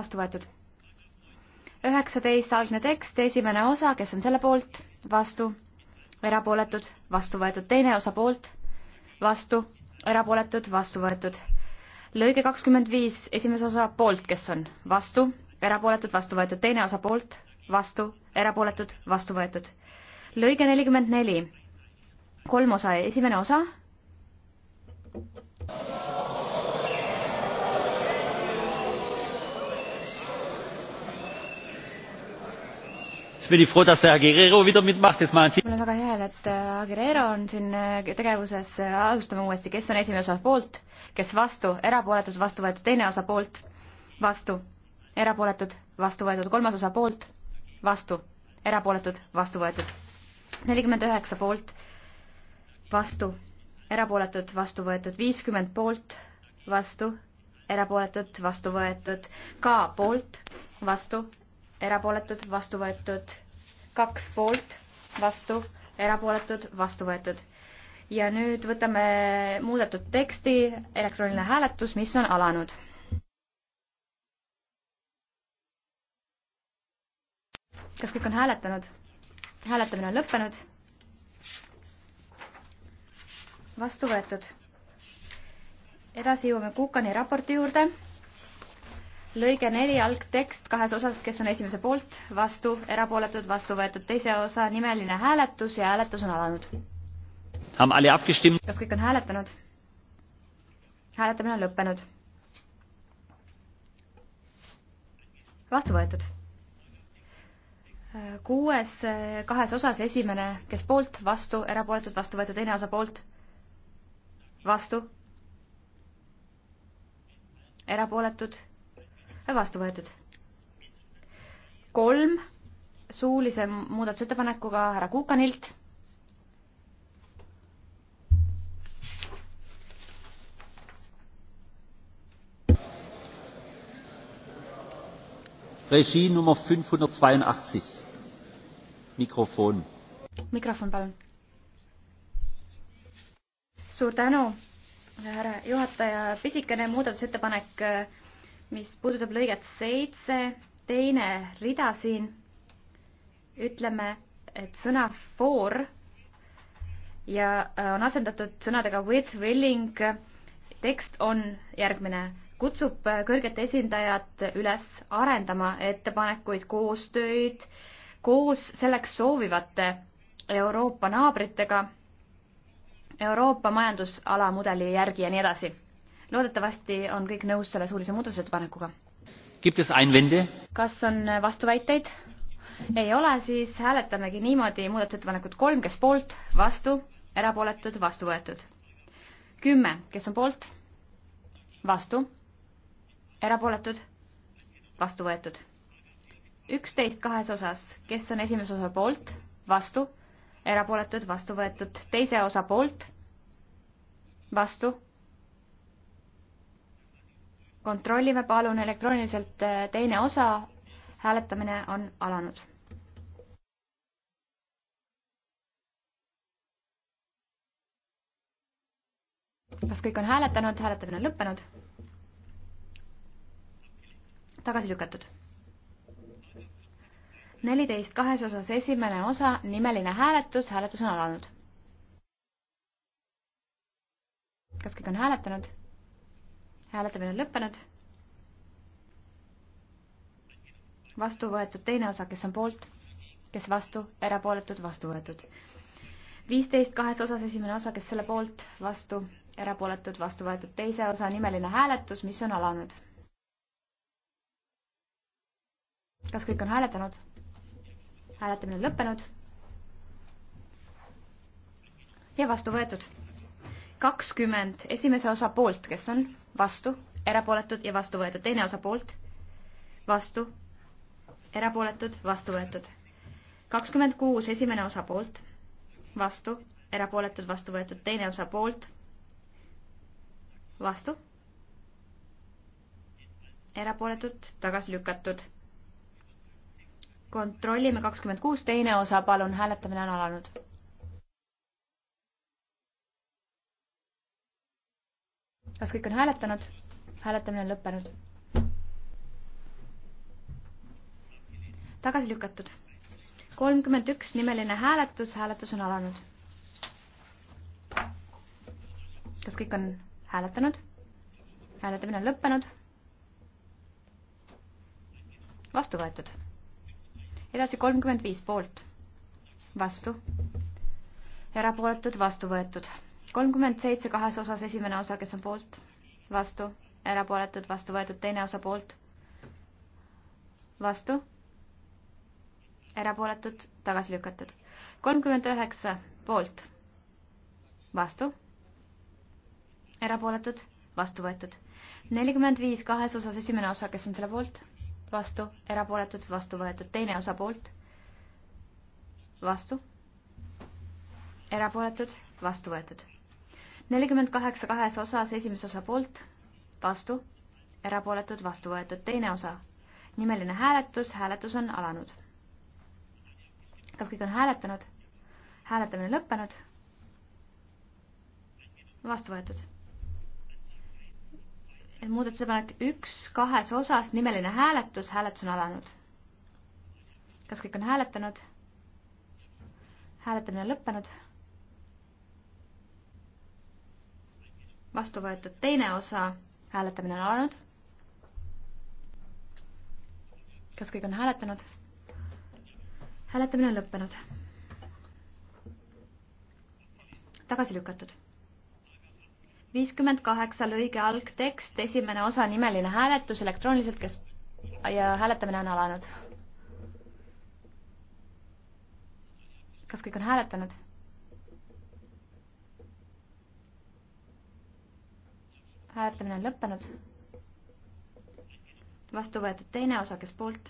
vastu võetud. üheksateist algne tekst, esimene osa, kes on selle poolt, vastu, erapooletud, vastu võetud, teine osa poolt, vastu, erapooletud, vastu võetud lõige kakskümmend viis, esimese osa poolt, kes on vastu, erapooletud, vastu võetud, teine osa poolt, vastu, erapooletud, vastu võetud. lõige nelikümmend neli, kolm osa, esimene osa, mul on väga hea, et Aguilera äh, on siin äh, tegevuses, äh, alustame uuesti, kes on esimene osa poolt, kes vastu, erapooletud, vastu võetud, teine osa poolt, vastu, erapooletud, vastu võetud, kolmas osa poolt, vastu, erapooletud, vastu võetud, nelikümmend üheksa poolt, vastu, erapooletud, vastu võetud, viiskümmend poolt, vastu, erapooletud, vastu võetud, ka poolt, vastu, erapooletud, vastu võetud. kaks poolt, vastu, erapooletud, vastu võetud. ja nüüd võtame muudetud teksti, elektrooniline hääletus, mis on alanud. kas kõik on hääletanud? hääletamine on lõppenud. vastu võetud. edasi jõuame Kukani raporti juurde lõige neli algtekst kahes osas, kes on esimese poolt, vastu, erapooletud, vastu võetud, teise osa nimeline hääletus ja hääletus on alanud. kas kõik on hääletanud? hääletamine on lõppenud. vastu võetud. kuues kahes osas, esimene, kes poolt, vastu, erapooletud, vastu võetud, teine osa poolt, vastu, erapooletud vastu võetud. kolm suulise muudatusettepanekuga härra Kuukanilt. režii number 582. mikrofon. mikrofon, palun. suur tänu, härra juhataja, pisikene muudatusettepanek mis puudutab lõiget seitse, teine rida siin, ütleme, et sõna for ja äh, on asendatud sõnadega with willing. tekst on järgmine, kutsub äh, kõrget esindajat üles arendama ettepanekuid, koostööd koos selleks soovivate Euroopa naabritega, Euroopa majandusala mudeli järgi ja nii edasi loodetavasti on kõik nõus selle suulise muudatusettepanekuga. kas on vastuväiteid? ei ole, siis hääletamegi niimoodi muudatusettepanekut kolm, kes poolt, vastu, erapooletud, vastu võetud. kümme, kes on poolt, vastu, erapooletud, vastu võetud. üksteist kahes osas, kes on esimese osa poolt, vastu, erapooletud, vastu võetud, teise osa poolt, vastu kontrollime palun elektrooniliselt äh, teine osa, hääletamine on alanud. kas kõik on hääletanud, hääletamine on lõppenud? tagasi lükatud. neliteist kahes osas esimene osa, nimeline hääletus, hääletus on alanud. kas kõik on hääletanud? hääletamine on lõppenud. vastu võetud teine osa, kes on poolt, kes vastu, erapooletud, vastu võetud. viisteist kahes osas esimene osa, kes selle poolt, vastu, erapooletud, vastu võetud, teise osa nimeline hääletus, mis on alanud. kas kõik on hääletanud? hääletamine on lõppenud. ja vastu võetud kakskümmend, esimese osa poolt, kes on vastu, erapooletud ja vastu võetud, teine osa poolt, vastu, erapooletud, vastu võetud. kakskümmend kuus, esimene osa poolt, vastu, erapooletud, vastu võetud, teine osa poolt, vastu, erapooletud, tagasi lükatud. kontrollime kakskümmend kuus, teine osa, palun, hääletamine on alanud kas kõik on hääletanud? hääletamine on lõppenud. tagasi lükatud. kolmkümmend üks nimeline hääletus, hääletus on alanud. kas kõik on hääletanud? hääletamine on lõppenud. vastu võetud edasi kolmkümmend viis poolt, vastu, erapooletud, vastu võetud kolmkümmend seitse kahes osas, esimene osa, kes on poolt, vastu, erapooletud, vastu võetud, teine osa poolt, vastu, erapooletud, tagasi lükatud. kolmkümmend üheksa poolt, vastu, erapooletud, vastu võetud. nelikümmend viis kahes osas, esimene osa, kes on selle poolt, vastu, erapooletud, vastu võetud, teine osa poolt, vastu, erapooletud, vastu võetud nelikümmend kaheksa kahes osas, esimese osa poolt, vastu, erapooletud, vastu võetud, teine osa. nimeline hääletus, hääletus on alanud. kas kõik on hääletanud? hääletamine lõppenud. vastu võetud. muudatusepanek üks kahes osas, nimeline hääletus, hääletus on alanud. kas kõik on hääletanud? hääletamine lõppenud vastu võetud teine osa, hääletamine on alanud. kas kõik on hääletanud? hääletamine on lõppenud. tagasi lükatud. viiskümmend kaheksa lõige algtekst, esimene osa nimeline hääletus elektrooniliselt, kes ja hääletamine on alanud. kas kõik on hääletanud? hääletamine on lõppenud. vastu võetud teine osa, kes poolt,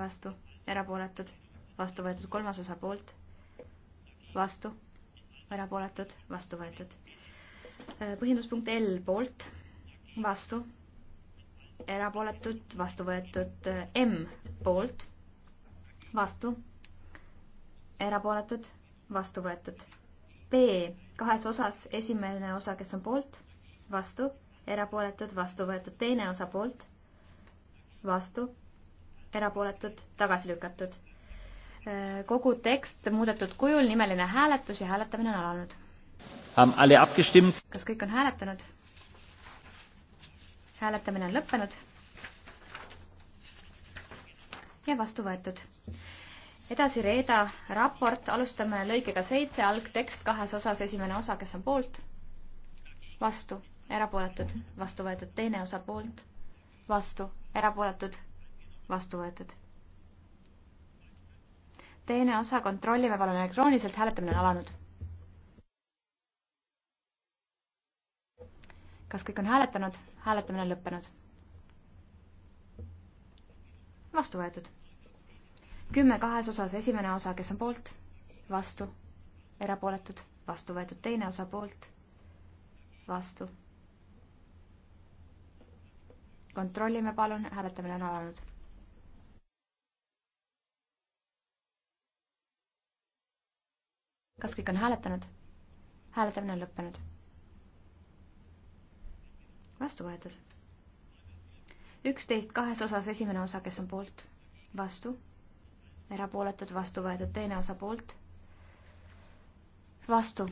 vastu, erapooletud, vastu võetud kolmas osa poolt, vastu, erapooletud, vastu võetud. Äh, põhjenduspunkt L poolt, vastu, erapooletud, vastu võetud, äh, M poolt, vastu, erapooletud, vastu võetud. B kahes osas, esimene osa, kes on poolt vastu, erapooletud, vastu võetud, teine osa poolt, vastu, erapooletud, tagasi lükatud. Äh, kogu tekst muudetud kujul, nimeline hääletus ja hääletamine on alanud. kas kõik on hääletanud? hääletamine on lõppenud ja vastu võetud. edasi Reeda raport, alustame lõikega seitse, algtekst kahes osas, esimene osa, kes on poolt, vastu erapooletud, vastu võetud, teine osa poolt, vastu, erapooletud, vastu võetud. teine osa kontrollime palun elektrooniliselt, hääletamine on alanud. kas kõik on hääletanud? hääletamine on lõppenud. vastu võetud. kümme kahes osas, esimene osa, kes on poolt, vastu, erapooletud, vastu võetud, teine osa poolt, vastu kontrollime palun, hääletamine on alanud. kas kõik on hääletanud? hääletamine on lõppenud. vastu võetud. üksteist kahes osas esimene osa, kes on poolt, vastu, erapooletud, vastu võetud, teine osa poolt, vastu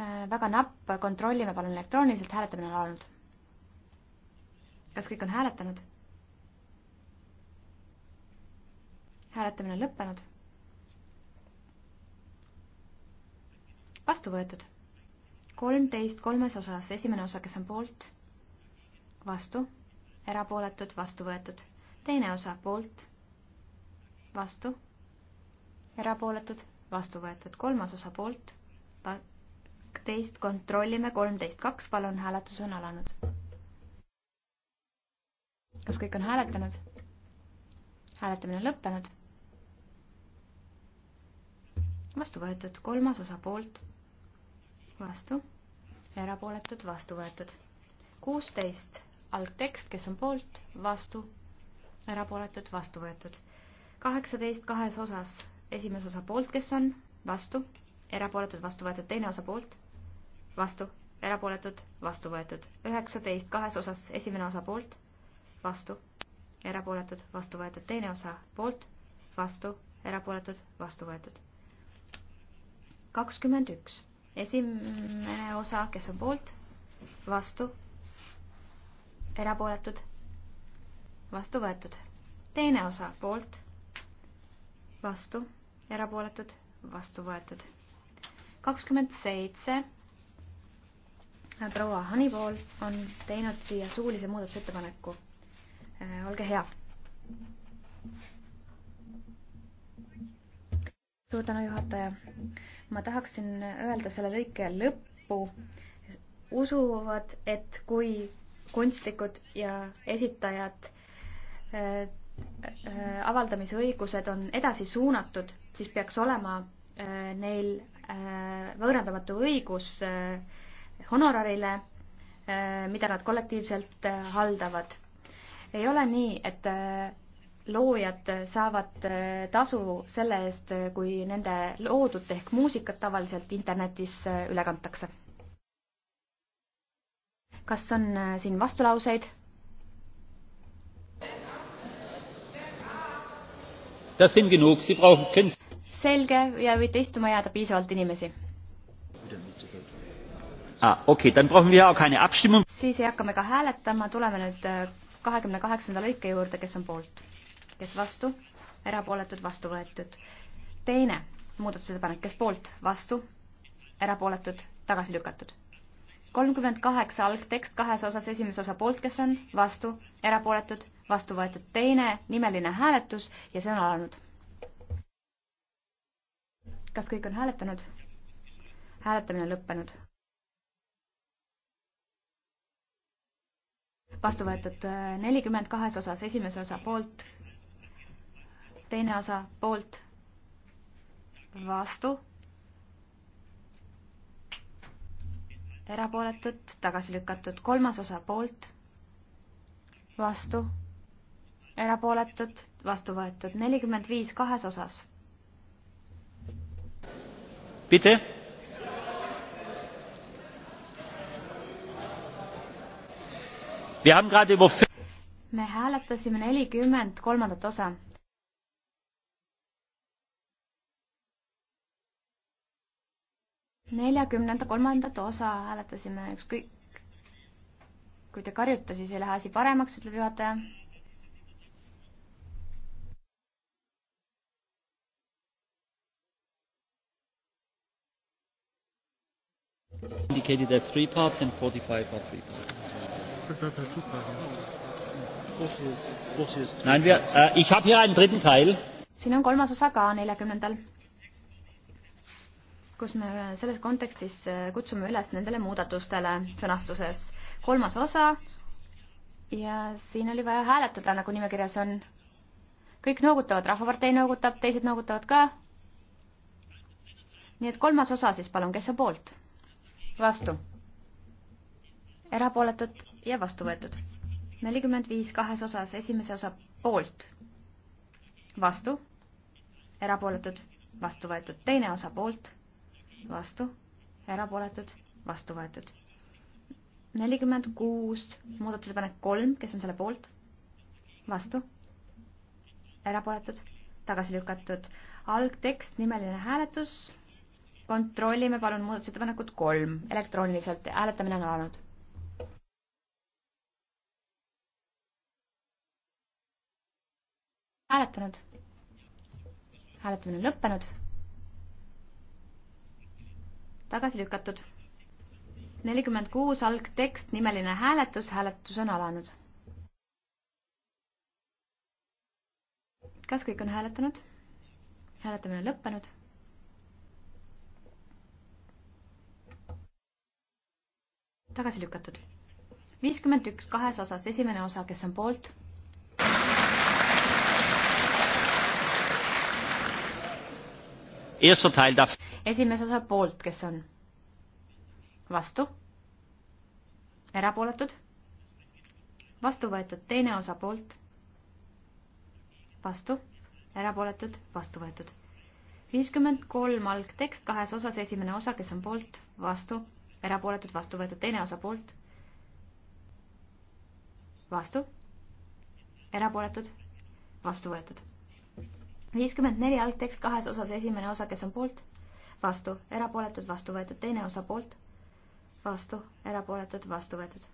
Äh, väga napp, kontrollime palun elektrooniliselt, hääletamine on alanud. kas kõik on hääletanud? hääletamine on lõppenud. vastu võetud. kolmteist kolmes osas, esimene osa, kes on poolt, vastu, erapooletud, vastu võetud. teine osa poolt, vastu, erapooletud, vastu võetud. kolmas osa poolt, kaksteist kontrollime, kolmteist kaks, palun, hääletus on alanud. kas kõik on hääletanud? hääletamine on lõppenud. vastu võetud, kolmas osa poolt, vastu, erapooletud, vastu võetud. kuusteist, algtekst, kes on poolt, vastu, erapooletud, vastu võetud. kaheksateist kahes osas, esimese osa poolt, kes on, vastu erapooletud, vastu võetud, teine osa poolt, vastu, erapooletud, vastu võetud, üheksateist kahes osas, esimene osa poolt, vastu, erapooletud, vastu võetud, teine osa poolt, vastu, erapooletud, vastu võetud. kakskümmend üks, esimene osa, kes on poolt, vastu, erapooletud, vastu võetud, teine osa poolt, vastu, erapooletud, vastu võetud kakskümmend seitse proua Hanipool on teinud siia suulise muudatusettepaneku. Äh, olge hea. suur tänu, juhataja. ma tahaksin öelda selle lõike lõppu. usuvad, et kui kunstnikud ja esitajad äh, äh, avaldamisõigused on edasi suunatud, siis peaks olema neil Äh, võõrandamatu õigus äh, honorarile, äh, mida nad kollektiivselt haldavad. ei ole nii, et loojad saavad tasu selle eest, kui nende loodut ehk muusikat tavaliselt internetis üle kantakse. kas on siin vastulauseid? Das sind genug, Sie brauchen Künstler selge ja võite istuma jääda piisavalt inimesi. Ah, okay, dann brauchen wir auch keine Abstimmung. siis ei hakka me ka hääletama, tuleme nüüd äh, kahekümne kaheksanda lõike juurde, kes on poolt, kes vastu, erapooletud, vastu võetud. teine muudatusettepanek, kes poolt, vastu, erapooletud, tagasi lükatud. kolmkümmend kaheksa algtekst kahes osas, esimese osa poolt, kes on, vastu, erapooletud, vastu võetud, teine nimeline hääletus ja see on alanud kas kõik on hääletanud? hääletamine on lõppenud. vastu võetud äh, nelikümmend kahes osas, esimese osa poolt, teine osa poolt, vastu, erapooletud, tagasi lükatud, kolmas osa poolt, vastu, erapooletud, vastu võetud, nelikümmend viis kahes osas bitte? wir haben gerade über me hääletasime nelikümmend kolmandat osa. neljakümnenda kolmandat osa hääletasime, ükskõik, kui te karjute, siis ei lähe asi paremaks, ütleb juhataja Indicated that three parts and 45 are three parts. Nein, wir, äh, ich habe hier einen dritten Teil. Siin on kolmas osa ka 40. kus me selles kontekstis äh, kutsume üles nendele muudatustele sõnastuses. kolmas osa ja siin oli vaja hääletada, nagu nimekirjas on. kõik noogutavad, Rahvapartei noogutab, teised noogutavad ka. nii et kolmas osa siis palun, kes on poolt? vastu, erapooletud ja vastu võetud. nelikümmend viis kahes osas, esimese osa poolt, vastu, erapooletud, vastu võetud, teine osa poolt, vastu, erapooletud, vastu võetud. nelikümmend kuus, muudatusepanek kolm, kes on selle poolt, vastu, erapooletud, tagasi lükatud, algtekst, nimeline hääletus kontrollime palun muudatusettepanekut kolm elektrooniliselt, hääletamine on alanud. hääletanud. hääletamine on lõppenud. tagasi lükatud. nelikümmend kuus algtekst, nimeline hääletus, hääletus on alanud. kas kõik on hääletanud? hääletamine on lõppenud tagasi lükatud. viiskümmend üks kahes osas, esimene osa, kes on poolt? esimese osa poolt, kes on? vastu? erapooletud? vastu võetud, teine osa poolt? vastu? erapooletud, vastu võetud. viiskümmend kolm algtekst kahes osas, esimene osa, kes on poolt, vastu, erapooletud, vastu võetud, teine osa poolt, vastu, erapooletud, vastu võetud. viiskümmend neli algtekst kahes osas, esimene osa, kes on poolt, vastu, erapooletud, vastu võetud, teine osa poolt, vastu, erapooletud, vastu võetud.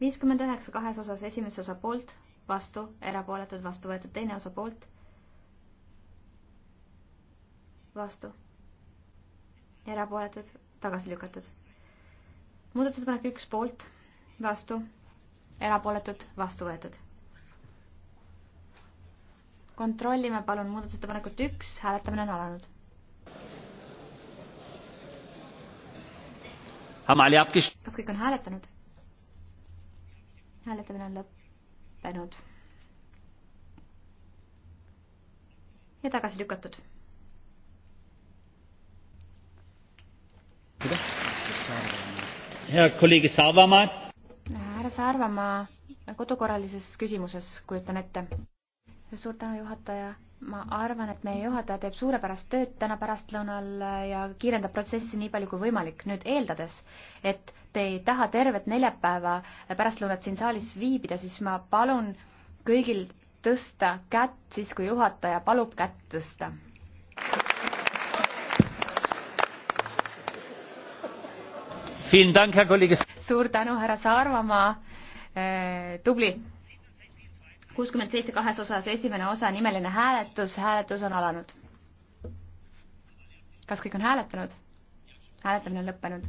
viiskümmend üheksa kahes osas, esimese osa poolt, vastu, erapooletud, vastu võetud, teine osa poolt, vastu, erapooletud, tagasi lükatud muudatusettepanek üks poolt, vastu, erapooletud, vastu võetud. kontrollime palun muudatusettepanekut üks, hääletamine on alanud. kas kõik on hääletanud? hääletamine on lõppenud. ja tagasi lükatud. kuidas? hea kolleeg Saavamaa. härra Saarvamaa, kodukorralises küsimuses kujutan ette. suur tänu, juhataja. ma arvan, et meie juhataja teeb suurepärast tööd täna pärastlõunal ja kiirendab protsessi nii palju kui võimalik. nüüd eeldades, et te ei taha tervet neljapäeva pärastlõunat siin saalis viibida, siis ma palun kõigil tõsta kätt siis, kui juhataja palub kätt tõsta suur tänu, härra Saarvamaa, äh, tubli. kuuskümmend seitse kahes osas, esimene osa, nimeline hääletus, hääletus on alanud. kas kõik on hääletanud? hääletamine on lõppenud.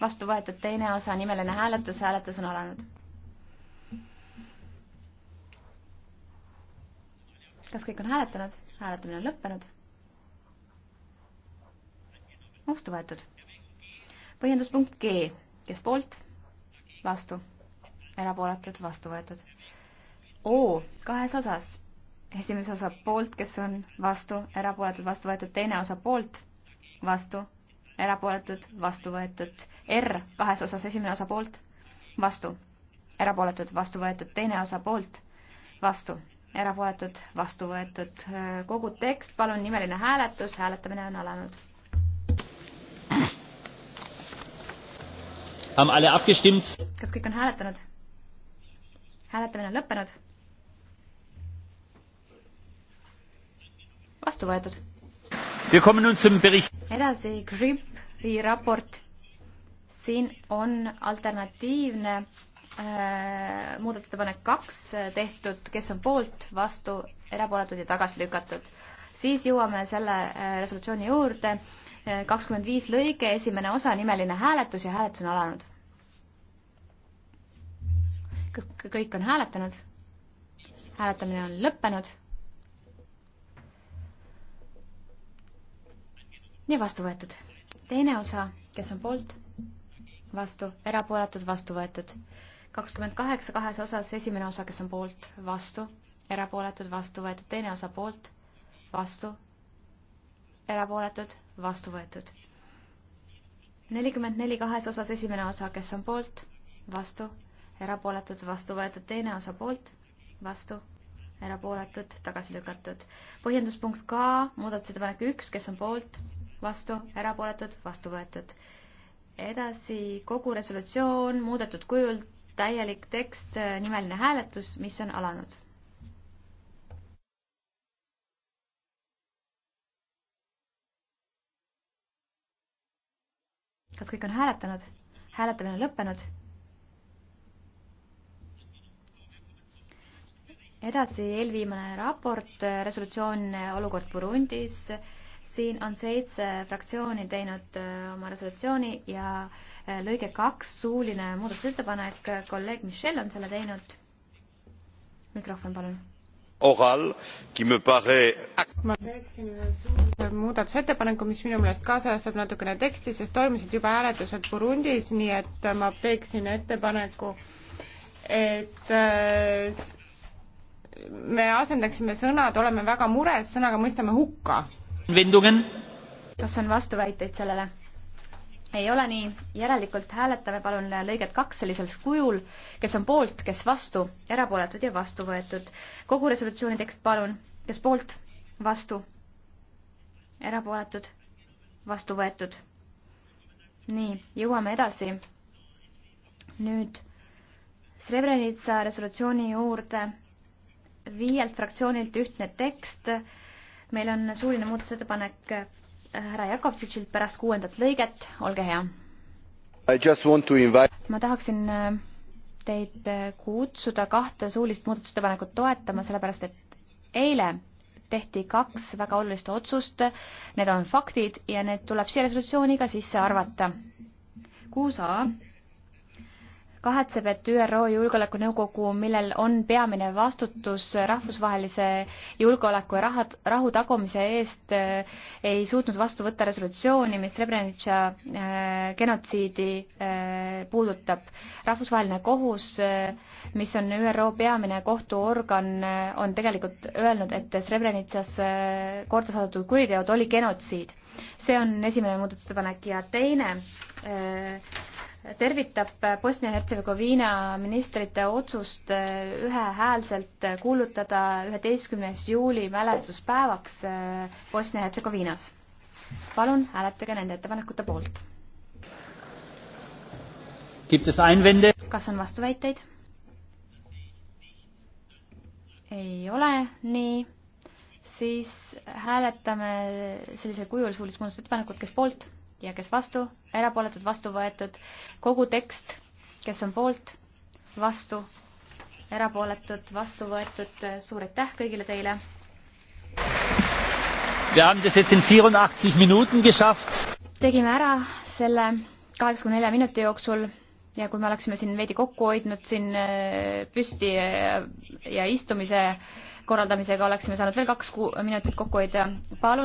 vastu võetud teine osa, nimeline hääletus, hääletus on alanud. kas kõik on hääletanud? hääletamine on lõppenud vastu võetud. põhjenduspunkt G, kes poolt, vastu, erapooletud, vastu võetud. O kahes osas, esimese osa poolt, kes on vastu, erapooletud, vastu võetud, teine osa poolt, vastu, erapooletud, vastu võetud. R kahes osas, esimene osa poolt, vastu, erapooletud, vastu võetud, teine osa poolt, vastu erapooletud, vastu võetud. kogu tekst, palun nimeline hääletus, hääletamine on alanud kas kõik on hääletanud? hääletamine on lõppenud. vastu võetud. edasi GRIP-i raport. siin on alternatiivne äh, muudatusettepanek kaks äh, tehtud, kes on poolt, vastu, erapooletud ja tagasi lükatud. siis jõuame selle äh, resolutsiooni juurde kakskümmend viis lõige, esimene osa, nimeline hääletus ja hääletus on alanud. kõik on hääletanud. hääletamine on lõppenud. ja vastu võetud. teine osa, kes on poolt? vastu, erapooletud, vastu võetud. kakskümmend kaheksa kahes osas, esimene osa, kes on poolt, vastu, erapooletud, vastu võetud, teine osa poolt, vastu, erapooletud vastu võetud. nelikümmend neli kahes osas esimene osa, kes on poolt, vastu, erapooletud, vastu võetud, teine osa poolt, vastu, erapooletud, tagasi lükatud. põhjenduspunkt K, muudatusettepanek üks, kes on poolt, vastu, erapooletud, vastu võetud. edasi kogu resolutsioon muudetud kujul, täielik tekst, nimeline hääletus, mis on alanud kas kõik on hääletanud? hääletamine on lõppenud. edasi eelviimane raport, resolutsioon olukord Burundis. siin on seitse fraktsiooni teinud äh, oma resolutsiooni ja äh, lõige kaks, suuline muudatusettepanek, kolleeg Michel on selle teinud. mikrofon, palun orale qui me paraît ma teeksin ühe suulise muudatusettepaneku mis minu meelest kaasajastab natukene teksti sest toimusid juba hääletused burundis nii et ma teeksin ettepaneku et äh, me asendaksime sõnad oleme väga mures sõnaga mõistame hukka kas on vastuväiteid sellele? ei ole nii, järelikult hääletame palun lõiget kaks sellisel kujul, kes on poolt, kes vastu, erapooletud ja vastu võetud. kogu resolutsiooni tekst palun, kes poolt, vastu, erapooletud, vastu võetud. nii, jõuame edasi. nüüd Srebrenica resolutsiooni juurde viielt fraktsioonilt ühtne tekst. meil on suuline muudatusettepanek härra Jakovtšitšilt pärast kuuendat lõiget, olge hea. Invite... ma tahaksin äh, teid äh, kutsuda kahte suulist muudatusettepanekut toetama, sellepärast et eile tehti kaks väga olulist otsust, need on faktid ja need tuleb siia resolutsiooni ka sisse arvata. kuus A kahetseb, et ÜRO Julgeolekunõukogu, millel on peamine vastutus rahvusvahelise julgeoleku ja raha, rahu tagumise eest, eh, ei suutnud vastu võtta resolutsiooni, mis Srebrenica eh, genotsiidi eh, puudutab. rahvusvaheline kohus, mis on ÜRO peamine kohtuorgan, on tegelikult öelnud, et Srebrenicas korda saadetud kuriteod oli genotsiid. see on esimene muudatusettepanek ja teine tervitab Bosnia-Hertsegoviina ministrite otsust eh, ühehäälselt kuulutada üheteistkümnes juuli mälestuspäevaks eh, Bosnia-Hertsegoviinas. palun hääletage nende ettepanekute poolt. kas on vastuväiteid? ei ole nii, siis hääletame sellisel kujul suulist muudatusettepanekut, kes poolt ja kes vastu, erapooletud, vastu võetud. kogu tekst, kes on poolt, vastu, erapooletud, vastu võetud. suur aitäh kõigile teile. tegime ära selle kaheksakümne nelja minuti jooksul ja kui me oleksime siin veidi kokku hoidnud siin äh, püsti äh, ja istumise korraldamisega, oleksime saanud veel kaks minutit kokku hoida. palun